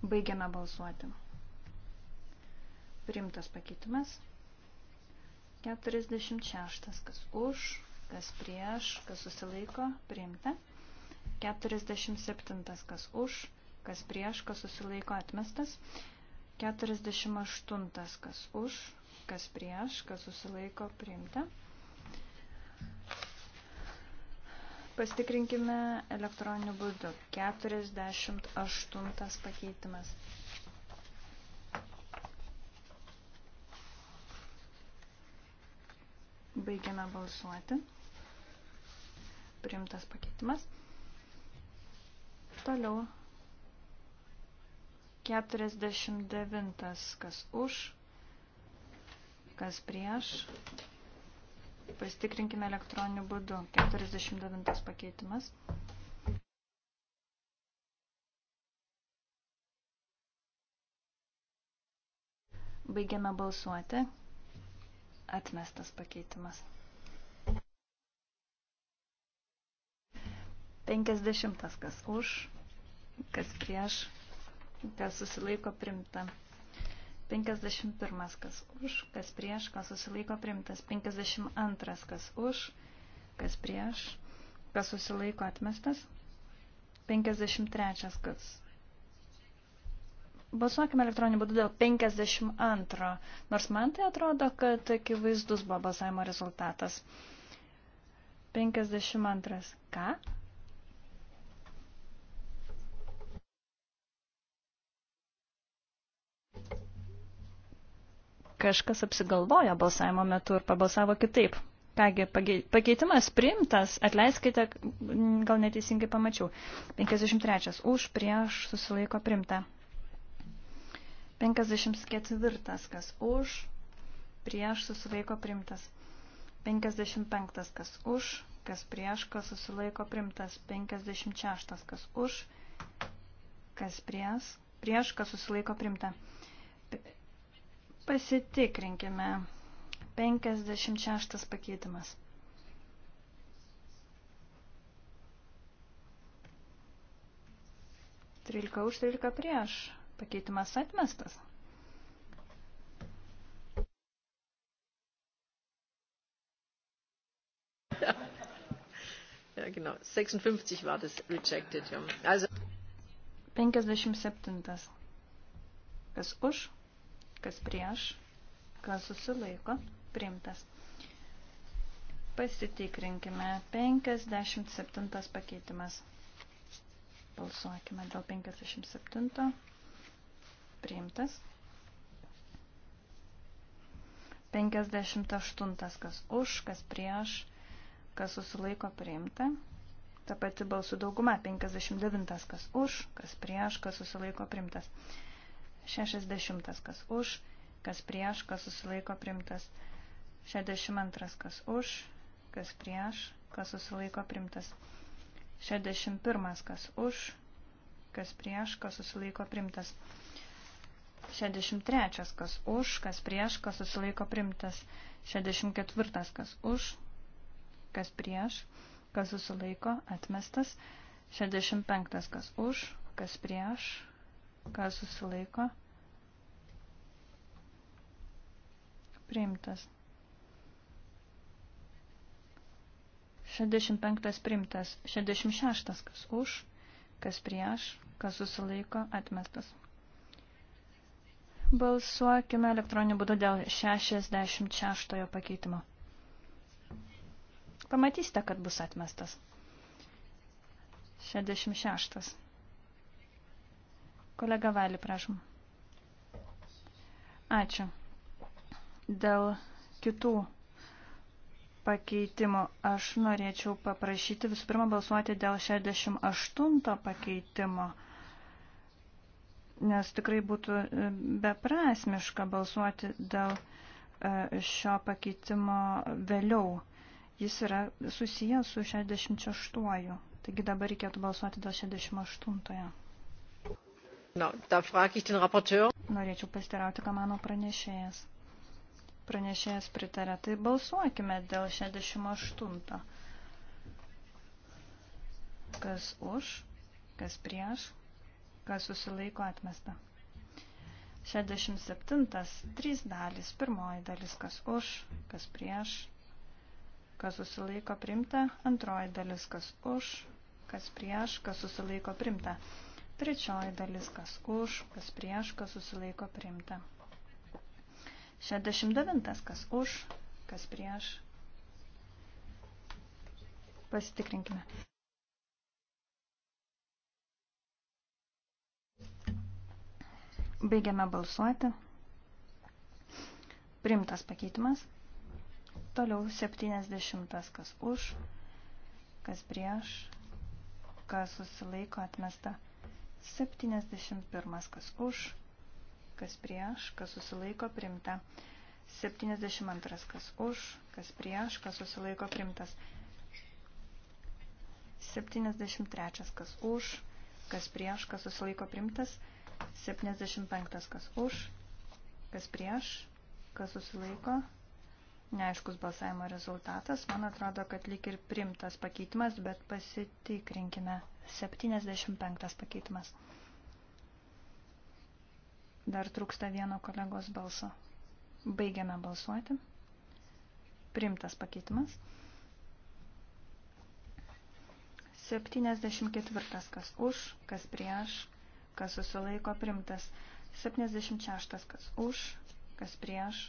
Baigiame balsuoti. Primtas pakeitimas. 46. Kas už, kas prieš, kas susilaiko, priimta. 47. Kas už, kas prieš, kas susilaiko atmestas. 48. Kas už, kas prieš, kas susilaiko priimta. Pastikrinkime elektroniniu būdu. 48 pakeitimas. Baigiame balsuoti. Priimtas pakeitimas. Toliau. 49. Kas už, kas prieš. Pasitikrinkime elektroniniu būdu. 49 pakeitimas. Baigiame balsuoti. Atmestas pakeitimas. 50. Kas už, kas prieš, kas susilaiko primta. 51. Kas už, kas prieš, kas susilaiko primtas. 52. Kas už, kas prieš, kas susilaiko atmestas. 53. Kas. Balsuokime elektroniniu būdu dėl 52. Nors man tai atrodo, kad akivaizdus buvo balsavimo rezultatas. 52. Ką? kažkas apsigalvojo balsavimo metu ir pabalsavo kitaip. Kągi, pakeitimas priimtas, atleiskite, gal neteisingai pamačiau. 53. Už prieš susilaiko primta. 54. Kas už prieš susilaiko primtas. 55. Kas už, kas prieš, kas susilaiko primtas. 56. Kas už, kas prieš, prieš, kas susilaiko primta. Pasitikrinkime. 56 pakeitimas. Trylika už, trylika prieš. Pakeitimas atmestas. Ja, genau. 56 war das rejected. Ja. Also 57. Kas už? kas prieš, kas susilaiko, priimtas. Pasitikrinkime 57 pakeitimas. Balsuokime dėl 57. Priimtas. 58. Kas už, kas prieš, kas susilaiko, priimta. Ta pati balsų dauguma. 59. Kas už, kas prieš, kas susilaiko, priimtas. 60 kas už, kas prieš, kas susilaiko primtas. 62 kas už, kas prieš, kas susilaiko primtas. 61 kas už, kas prieš, kas susilaiko primtas. 63 kas už, kas prieš, kas susilaiko primtas. 64 kas už, kas prieš, kas susilaiko atmestas. 65 kas už, kas prieš, kas susilaiko. Priimtas. 65 priimtas, 66 kas už, kas prieš, kas susilaiko, atmestas. Balsuokime elektroniniu būdu dėl 66 pakeitimo. Pamatysite, kad bus atmestas. 66. Kolega Valį, prašom. Ačiū. Dėl kitų pakeitimo aš norėčiau paprašyti visų pirma balsuoti dėl 68 pakeitimo, nes tikrai būtų e, beprasmiška balsuoti dėl e, šio pakeitimo vėliau. Jis yra susijęs su 68. Taigi dabar reikėtų balsuoti dėl 68. No, Norėčiau pastirauti, ką mano pranešėjas. Pranešėjas pritarė, tai balsuokime dėl 68. Kas už, kas prieš, kas susilaiko atmesta. 67. Trys dalys. Pirmoji dalis, kas už, kas prieš, kas susilaiko primta. Antroji dalis, kas už, kas prieš, kas susilaiko primta. Trečioji dalis, kas už, kas prieš, kas susilaiko priimta. 69. Kas už, kas prieš. Pasitikrinkime. Baigiame balsuoti. Primtas pakeitimas. Toliau 70. Kas už, kas prieš, kas susilaiko atmesta. 71. Kas už, kas prieš, kas susilaiko primta. 72. Kas už, kas prieš, kas susilaiko primtas. 73. Kas už, kas prieš, kas susilaiko primtas. 75. Kas už, kas prieš, kas susilaiko primtas neaiškus balsavimo rezultatas. Man atrodo, kad lyg ir primtas pakeitimas, bet pasitikrinkime. 75 pakeitimas. Dar trūksta vieno kolegos balso. Baigiame balsuoti. Primtas pakeitimas. 74. Kas už, kas prieš, kas susilaiko primtas. 76. Kas už, kas prieš,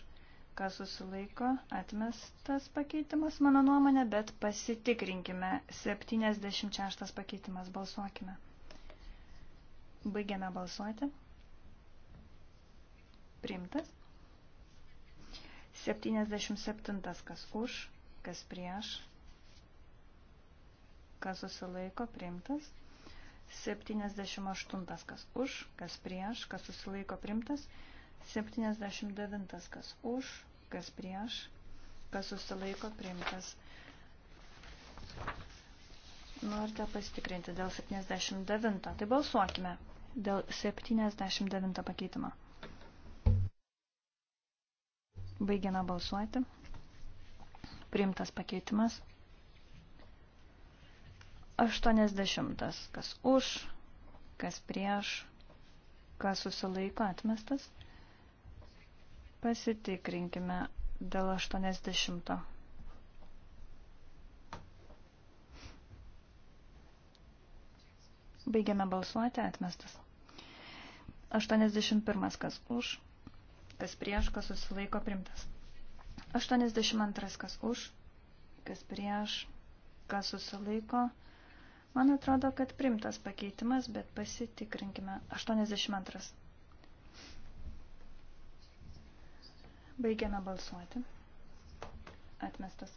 kas susilaiko, atmestas pakeitimas mano nuomonė, bet pasitikrinkime. 76 pakeitimas, balsuokime. Baigiame balsuoti. Priimtas. 77 kas už, kas prieš, kas susilaiko, priimtas. 78 kas už, kas prieš, kas susilaiko, priimtas. 79 kas už, kas prieš, kas susilaiko priimtas. Norite pasitikrinti dėl 79. Tai balsuokime dėl 79 pakeitimo. Baigiame balsuoti. Priimtas pakeitimas. 80. Kas už, kas prieš, kas susilaiko atmestas. Pasitikrinkime dėl 80. Baigiame balsuoti, atmestas. 81. Kas už, kas prieš, kas susilaiko primtas. 82. Kas už, kas prieš, kas susilaiko. Man atrodo, kad primtas pakeitimas, bet pasitikrinkime. 82. Baigiame balsuoti. Atmestas.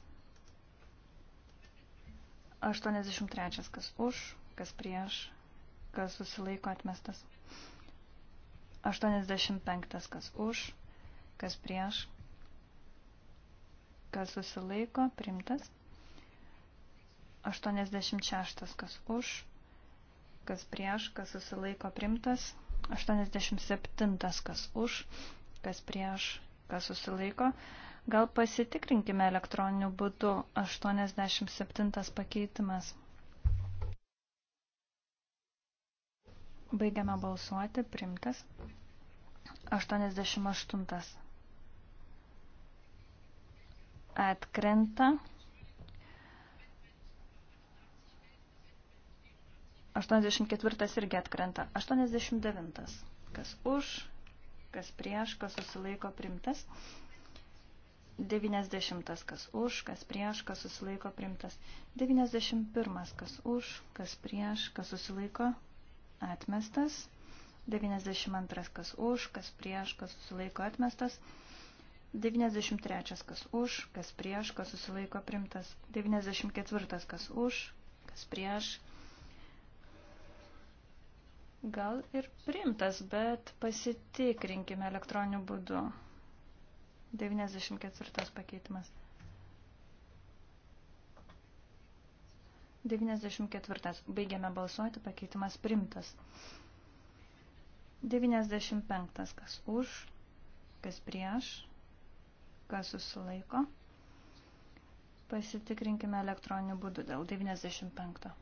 83. Kas už, kas prieš, kas susilaiko atmestas. 85. Kas už, kas prieš, kas susilaiko, primtas. 86. Kas už, kas prieš, kas susilaiko, primtas. 87. Kas už, kas prieš, kas susilaiko. Gal pasitikrinkime elektroniniu būdu 87 pakeitimas. Baigiame balsuoti, primtas. 88. Atkrenta. 84 irgi atkrenta. 89. Kas už? kas prieš, kas susilaiko primtas. 90 kas už, kas prieš, kas susilaiko primtas. 91 kas už, kas prieš, kas susilaiko atmestas. 92 kas už, kas prieš, kas susilaiko atmestas. 93 kas už, kas prieš, kas susilaiko primtas. 94 kas už, kas prieš, gal ir primtas, bet pasitikrinkime elektroniniu būdu. 94 pakeitimas. 94. Baigiame balsuoti, pakeitimas primtas. 95. Kas už, kas prieš, kas susilaiko. Pasitikrinkime elektroniniu būdu dėl 95.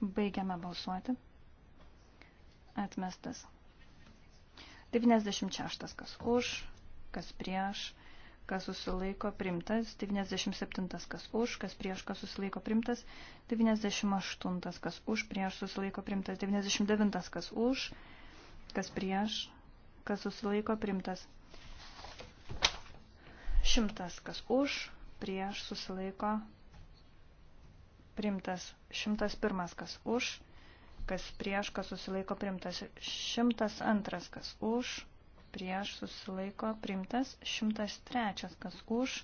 Baigiame balsuoti. Atmestas. 96. Kas už, kas prieš, kas susilaiko primtas. 97. Kas už, kas prieš, kas susilaiko primtas. 98. Kas už, prieš susilaiko primtas. 99. Kas už, kas prieš, kas susilaiko primtas. 100. Kas už, prieš susilaiko primtas primtas 101 kas už, kas prieš, kas susilaiko primtas 102 kas už, prieš susilaiko primtas 103 kas už,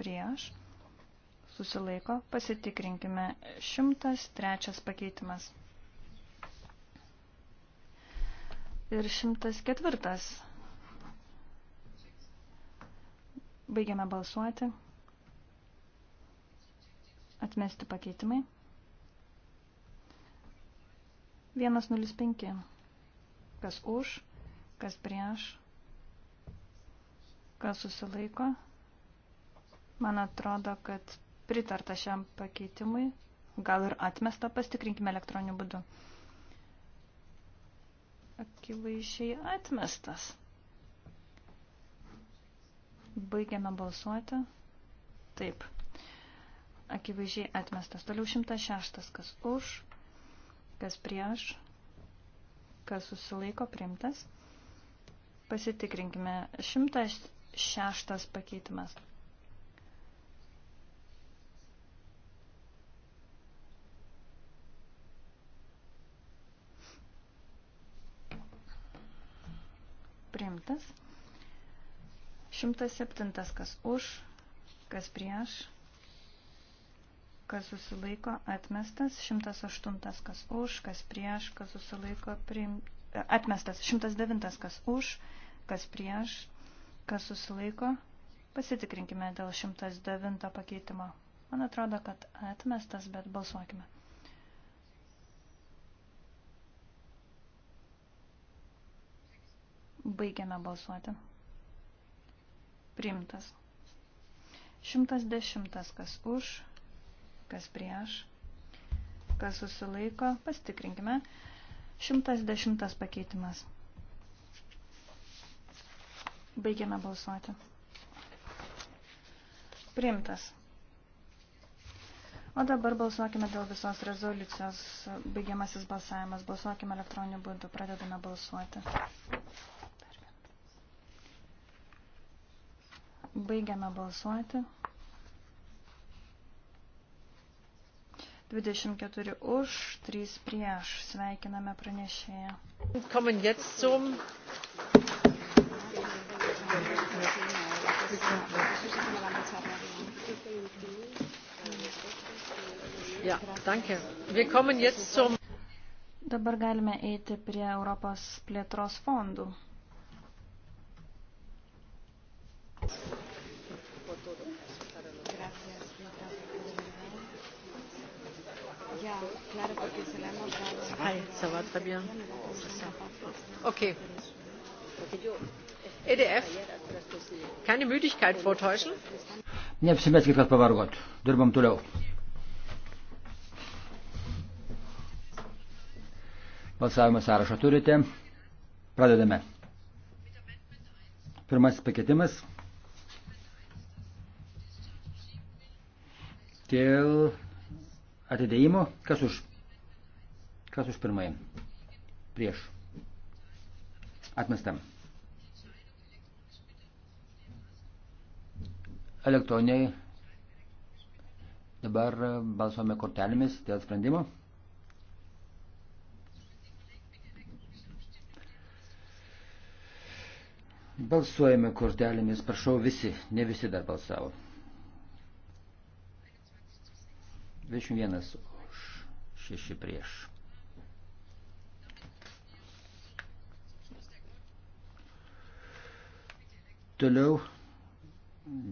prieš susilaiko pasitikrinkime 103 pakeitimas. ir 104. Baigiame balsuoti. Atmesti pakeitimai. 105. Kas už, kas prieš, kas susilaiko. Man atrodo, kad pritarta šiam pakeitimui. Gal ir atmesta, pastikrinkime elektroniniu būdu. Akivaizdžiai atmestas. Baigiame balsuoti. Taip, akivaizdžiai atmestas. Toliau 106, kas už, kas prieš, kas susilaiko priimtas. Pasitikrinkime 106 pakeitimas. Priimtas. 107, kas už, kas prieš, kas susilaiko atmestas, 108 kas už, kas prieš, kas susilaiko priim... atmestas, 109 kas už, kas prieš, kas susilaiko. Pasitikrinkime dėl 109 pakeitimo. Man atrodo, kad atmestas, bet balsuokime. Baigiame balsuoti. Priimtas. 110 kas už, kas prieš, kas susilaiko, pastikrinkime. 110 pakeitimas. Baigiame balsuoti. Priimtas. O dabar balsuokime dėl visos rezoliucijos. Baigiamasis balsavimas. Balsuokime elektroniniu būdu. Pradedame balsuoti. Baigiame balsuoti. 24 už, 3 prieš. Sveikiname pranešėją. Kommen jetzt zum Ja, danke. Wir kommen jetzt zum Dabar galime eiti prie Europos plėtros fondų. Ah, ça va très bien. Okay. EDF, keine Müdigkeit vortäuschen? Neapsimeskit, kad pavargot. Dirbam toliau. Balsavimo sąrašą turite. Pradedame. Pirmasis pakeitimas. Dėl atidėjimo. Kas už? Kas už pirmąjį? Prieš. Atmestam. Elektroniniai. Dabar balsuome kortelėmis dėl sprendimo. Balsuojame kortelėmis, prašau visi, ne visi dar balsavo. 21 už 6 prieš. Toliau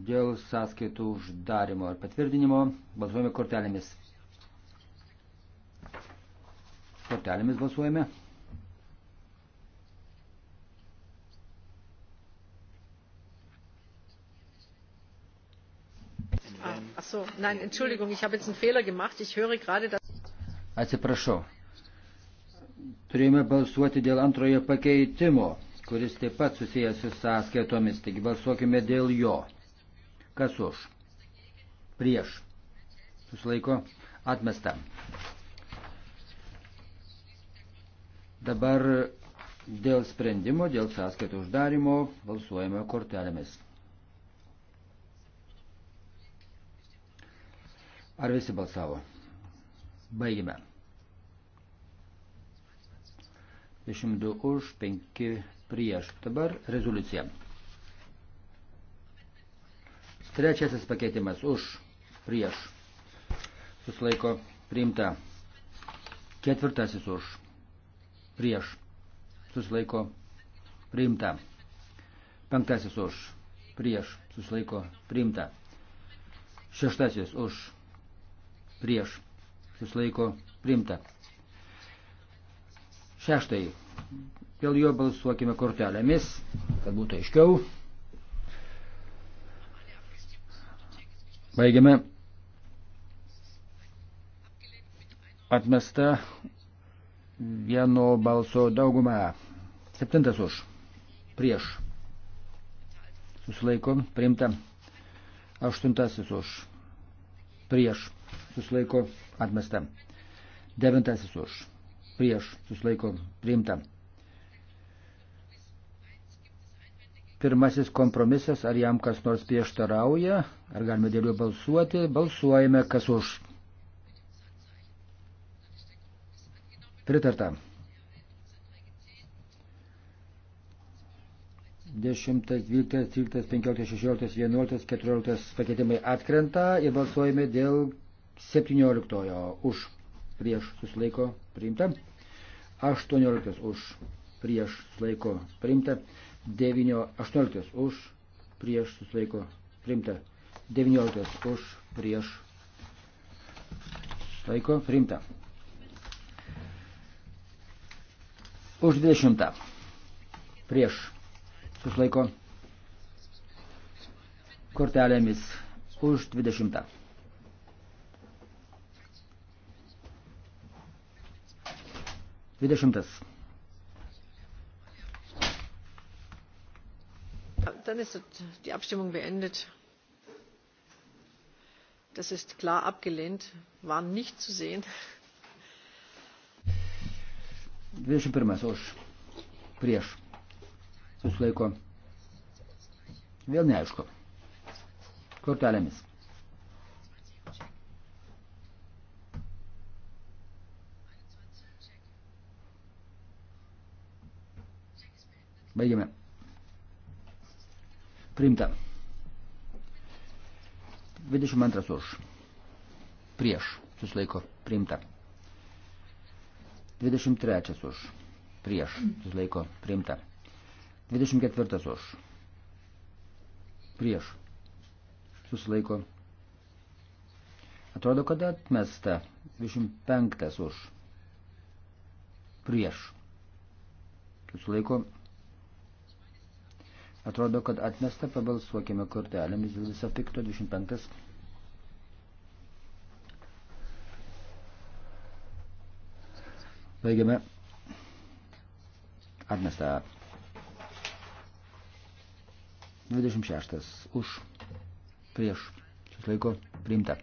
dėl sąskaitų uždarimo ar patvirtinimo balsuojame kortelėmis. Kortelėmis balsuojame. Achso, nein, Entschuldigung, ich habe jetzt einen Fehler gemacht. Ich höre gerade, dass. Atsiprašau. Turėjome balsuoti dėl antrojo pakeitimo kuris taip pat susijęs su sąskaitomis. Taigi balsuokime dėl jo. Kas už? Prieš. Susilaiko atmesta. Dabar dėl sprendimo, dėl sąskaitų uždarimo balsuojame kortelėmis. Ar visi balsavo? Baigime. 22 už, 5 prieš. Dabar rezoliucija. Trečiasis pakeitimas už, prieš. Suslaiko priimta. Ketvirtasis už, prieš. Suslaiko priimta. Penktasis už, prieš. Suslaiko priimta. Šeštasis už, prieš. Suslaiko priimta. Šeštai Dėl jo balsuokime kortelėmis, kad būtų aiškiau. Baigiame. Atmesta vieno balso dauguma. Septintas už. Prieš. Susilaiko. Priimta. Aštuntasis už. Prieš. Susilaiko. Atmesta. Devintasis už. Prieš. Susilaiko. Priimta. Pirmasis kompromisas, ar jam kas nors prieštarauja, ar galime dėl jo balsuoti, balsuojame kas už. Pritarta. Dešimtas, dvyliktas, tryliktas, penkioliktas, šešioliktas, vienuoliktas, keturioliktas pakeitimai atkrenta ir balsuojame dėl septynioliktojo už prieš susilaiko priimta. Aštuonioliktas už prieš susilaiko priimta. 18 už, prieš susilaiko primta. 19 už, prieš susilaiko primta. Už 20 prieš susilaiko kortelėmis už 20. Dvidešimtas. dann ist die abstimmung beendet. das ist klar abgelehnt war nicht zu sehen. dvidešimt pirmas už prieš susilaiko vėl neaišku kortelėmis. Baigiame. Priimta. 22 už. Prieš. Susilaiko. Priimta. 23 už. Prieš. Susilaiko. Priimta. 24 už. Prieš. Susilaiko. Atrodo, kad atmesta. 25 už. Prieš. Susilaiko. Atrodo, kad atmesta, pabalsuokime kortelėmis dėl viso pikto 25. Baigiame. Atmesta. 26. Už. Prieš. Šis laiko priimta.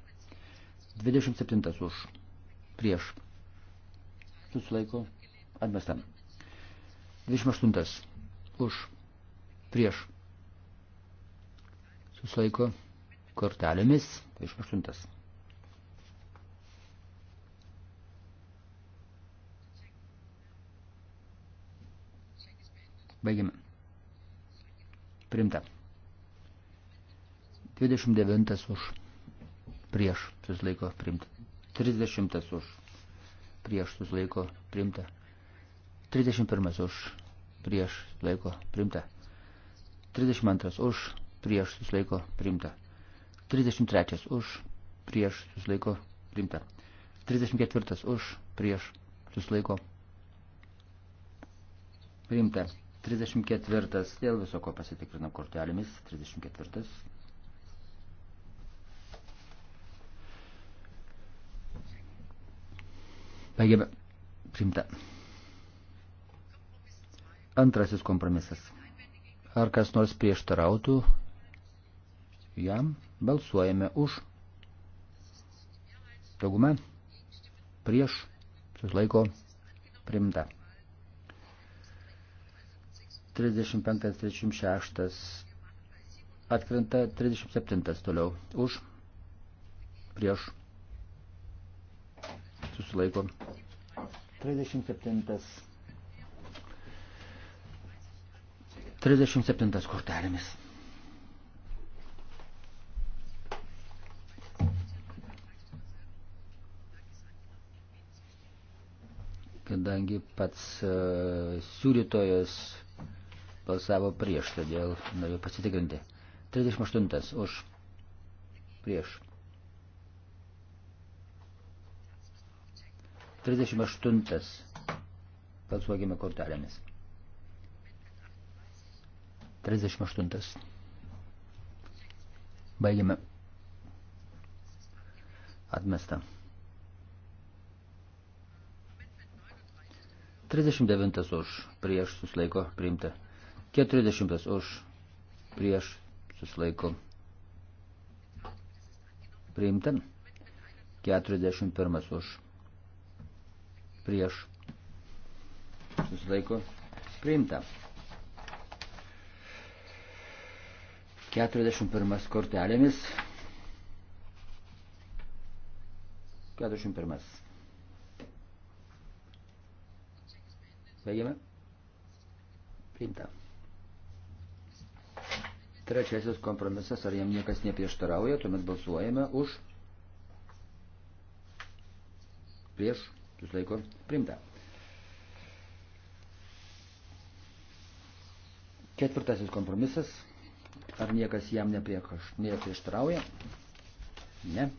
27. Už. Prieš. Šis laiko atmesta. 28. Už prieš. Susilaiko kortelėmis 28. Tai Baigiame. Primta. 29 už. Prieš susilaiko primta. 30 už. Prieš susilaiko primta. 31 už. Prieš laiko primta. 32 už, prieš susilaiko priimta. 33 už, prieš susilaiko priimta. 34 už, prieš susilaiko priimta. 34 dėl viso ko pasitikrinam kortelėmis. 34. Baigėme. Priimta. Antrasis kompromisas. Ar kas nors prieštarautų jam? Balsuojame už. Dauguma prieš susilaiko primta. 35-36 atkrenta 37 toliau už prieš susilaiko 37 37 kortelėmis. Kadangi pats uh, siūlytojas balsavo prieš, todėl noriu pasitikrinti. 38 už prieš. 38 balsuokime kortelėmis. 38. Baigiame. Atmesta. 39 už prieš suslaiko priimta. 40 už prieš suslaiko priimta. 41 už prieš suslaiko priimta. 41 kortelėmis. 41. Baigiame. Priimta. Trečiasis kompromisas, ar jam niekas neprieštarauja, tuomet balsuojame už prieš, jūs laiko, priimta. Ketvirtasis kompromisas. Ar niekas jam neprieštrauja? Ne.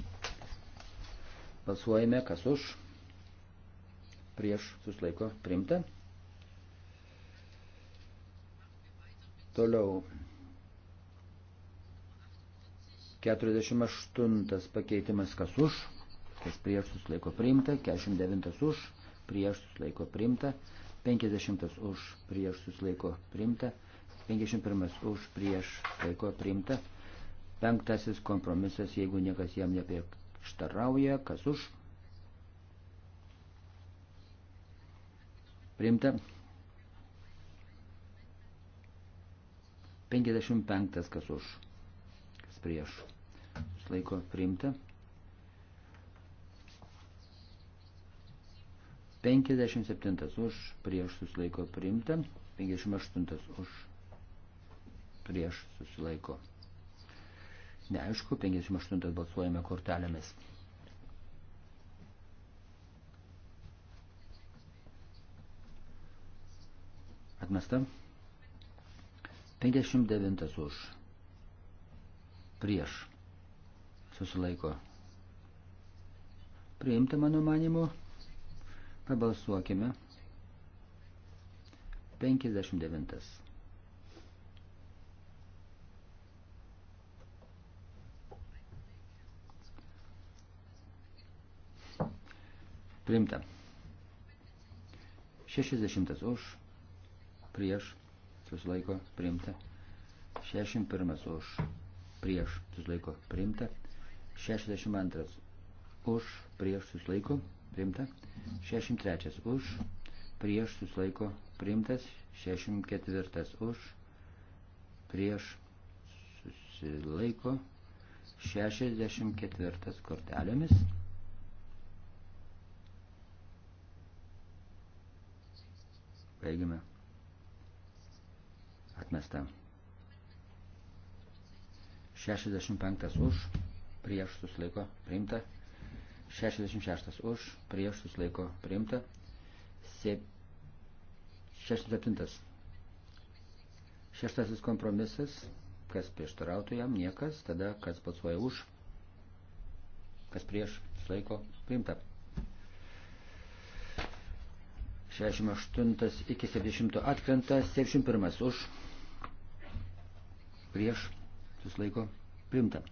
Balsuojame, kas už. Prieš suslaiko primta. Toliau. 48 pakeitimas kas už, kas prieš suslaiko priimta, 49 už, prieš suslaiko priimta, 50 už, prieš suslaiko priimta, 51 už prieš laiko priimta. Penktasis kompromisas, jeigu niekas jam neprieštarauja, kas už. Priimta. 55 kas už. Kas prieš. Laiko priimta. 57 už prieš susilaiko priimta, 58 už prieš susilaiko. Neaišku, 58 balsuojame kortelėmis. Atmesta. 59 už. Prieš. Susilaiko. Priimta mano manimu. Pabalsuokime. 59. Primta. 60 už, prieš, susilaiko, primta. 61 už, prieš, susilaiko, primta. 62 už, prieš, susilaiko, primta. 63 už, prieš, susilaiko, primtas. 64 už, prieš, susilaiko, 64 kortelėmis. Baigiame. Atmesta. 65 už, prieš susilaiko priimta. 66 už, prieš susilaiko priimta. 67. Šeštasis kompromisas, kas prieštarautų jam, niekas, tada kas balsuoja už, kas prieš susilaiko priimta. 68 iki 70 atkrenta, 71 už, prieš, susilaiko, primta.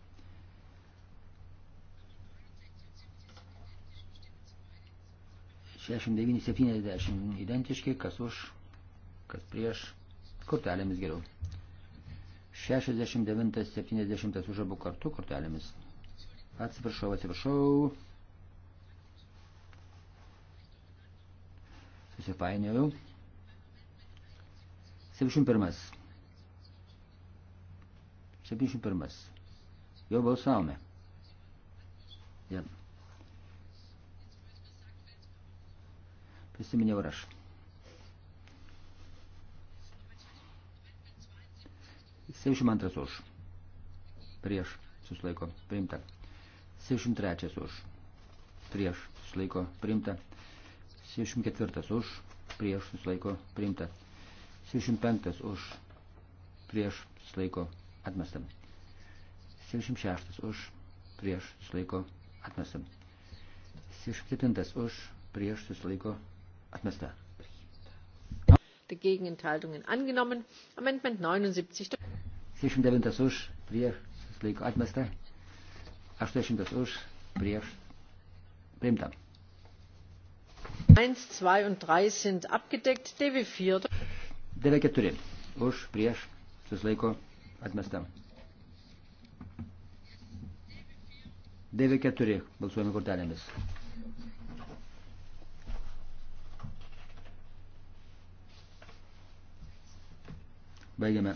Šešim devyni, septyniasdešimt identiški, kas už, kas prieš, kortelėmis geriau. 69, 70 už abu kartu kortelėmis. Atsiprašau, atsiprašau. susipainiojau. 71. 71. Jau balsavome. Ja. Prisiminiau ir aš. 72 už. Prieš susilaiko priimta. 73 už. Prieš susilaiko priimta. 64 už, prieš susilaiko priimta. 65 už, prieš susilaiko atmestam. 76 už, prieš susilaiko atmestam. 67 už, prieš susilaiko atmesta. Dagegen Enthaltungen angenommen. Amendment 79. 79 už, prieš susilaiko atmesta. 80 už, prieš priimta. 1, 2 ir 3 sind abgedeckt, DV4. DV4 už prieš susilaiko atmesta. DV4 balsuojame kortelėmis. Baigiame.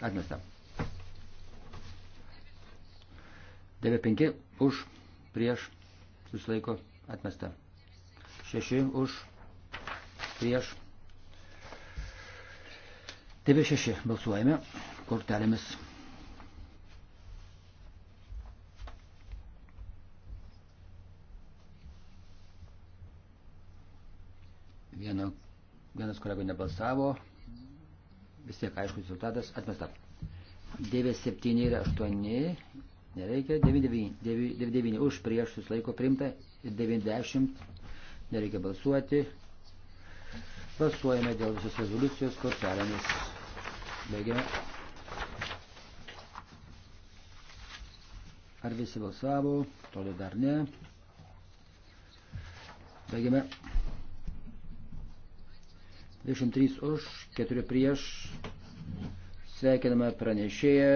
Atmesta. 9.5 už prieš susilaiko atmesta. 6 už, prieš. 96 balsuojame kortelėmis. Vieno, vienas kolego nebalsavo, vis tiek aiškus rezultatas atmesta. 9, 7 ir 8 Nereikia. 99, 99 už prieš susilaiko primta. 90. Nereikia balsuoti. Balsuojame dėl visos rezoliucijos kortelėmis. Baigiame. Ar visi balsavo? Toliau dar ne. Baigiame. 23 už, 4 prieš. Sveikiname pranešėją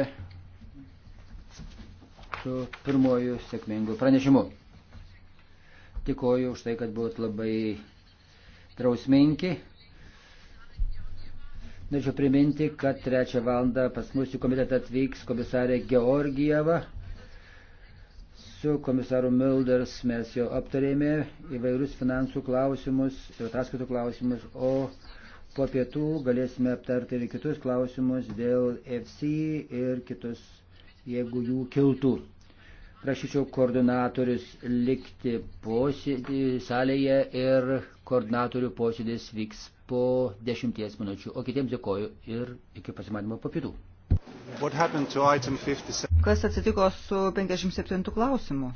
su pirmoju sėkmingu pranešimu. Tikoju už tai, kad buvot labai drausminki. Norėčiau priminti, kad trečią valandą pas mūsų komitetą atvyks komisarė Georgijava. Su komisaru Milders mes jau aptarėme įvairius finansų klausimus ir ataskaitų klausimus, o po pietų galėsime aptarti ir kitus klausimus dėl FC ir kitus, jeigu jų kiltų prašyčiau koordinatorius likti posėdį salėje ir koordinatorių posėdis vyks po dešimties minučių, o kitiems dėkoju ir iki pasimatymo po pietų. Kas atsitiko su 57 klausimu?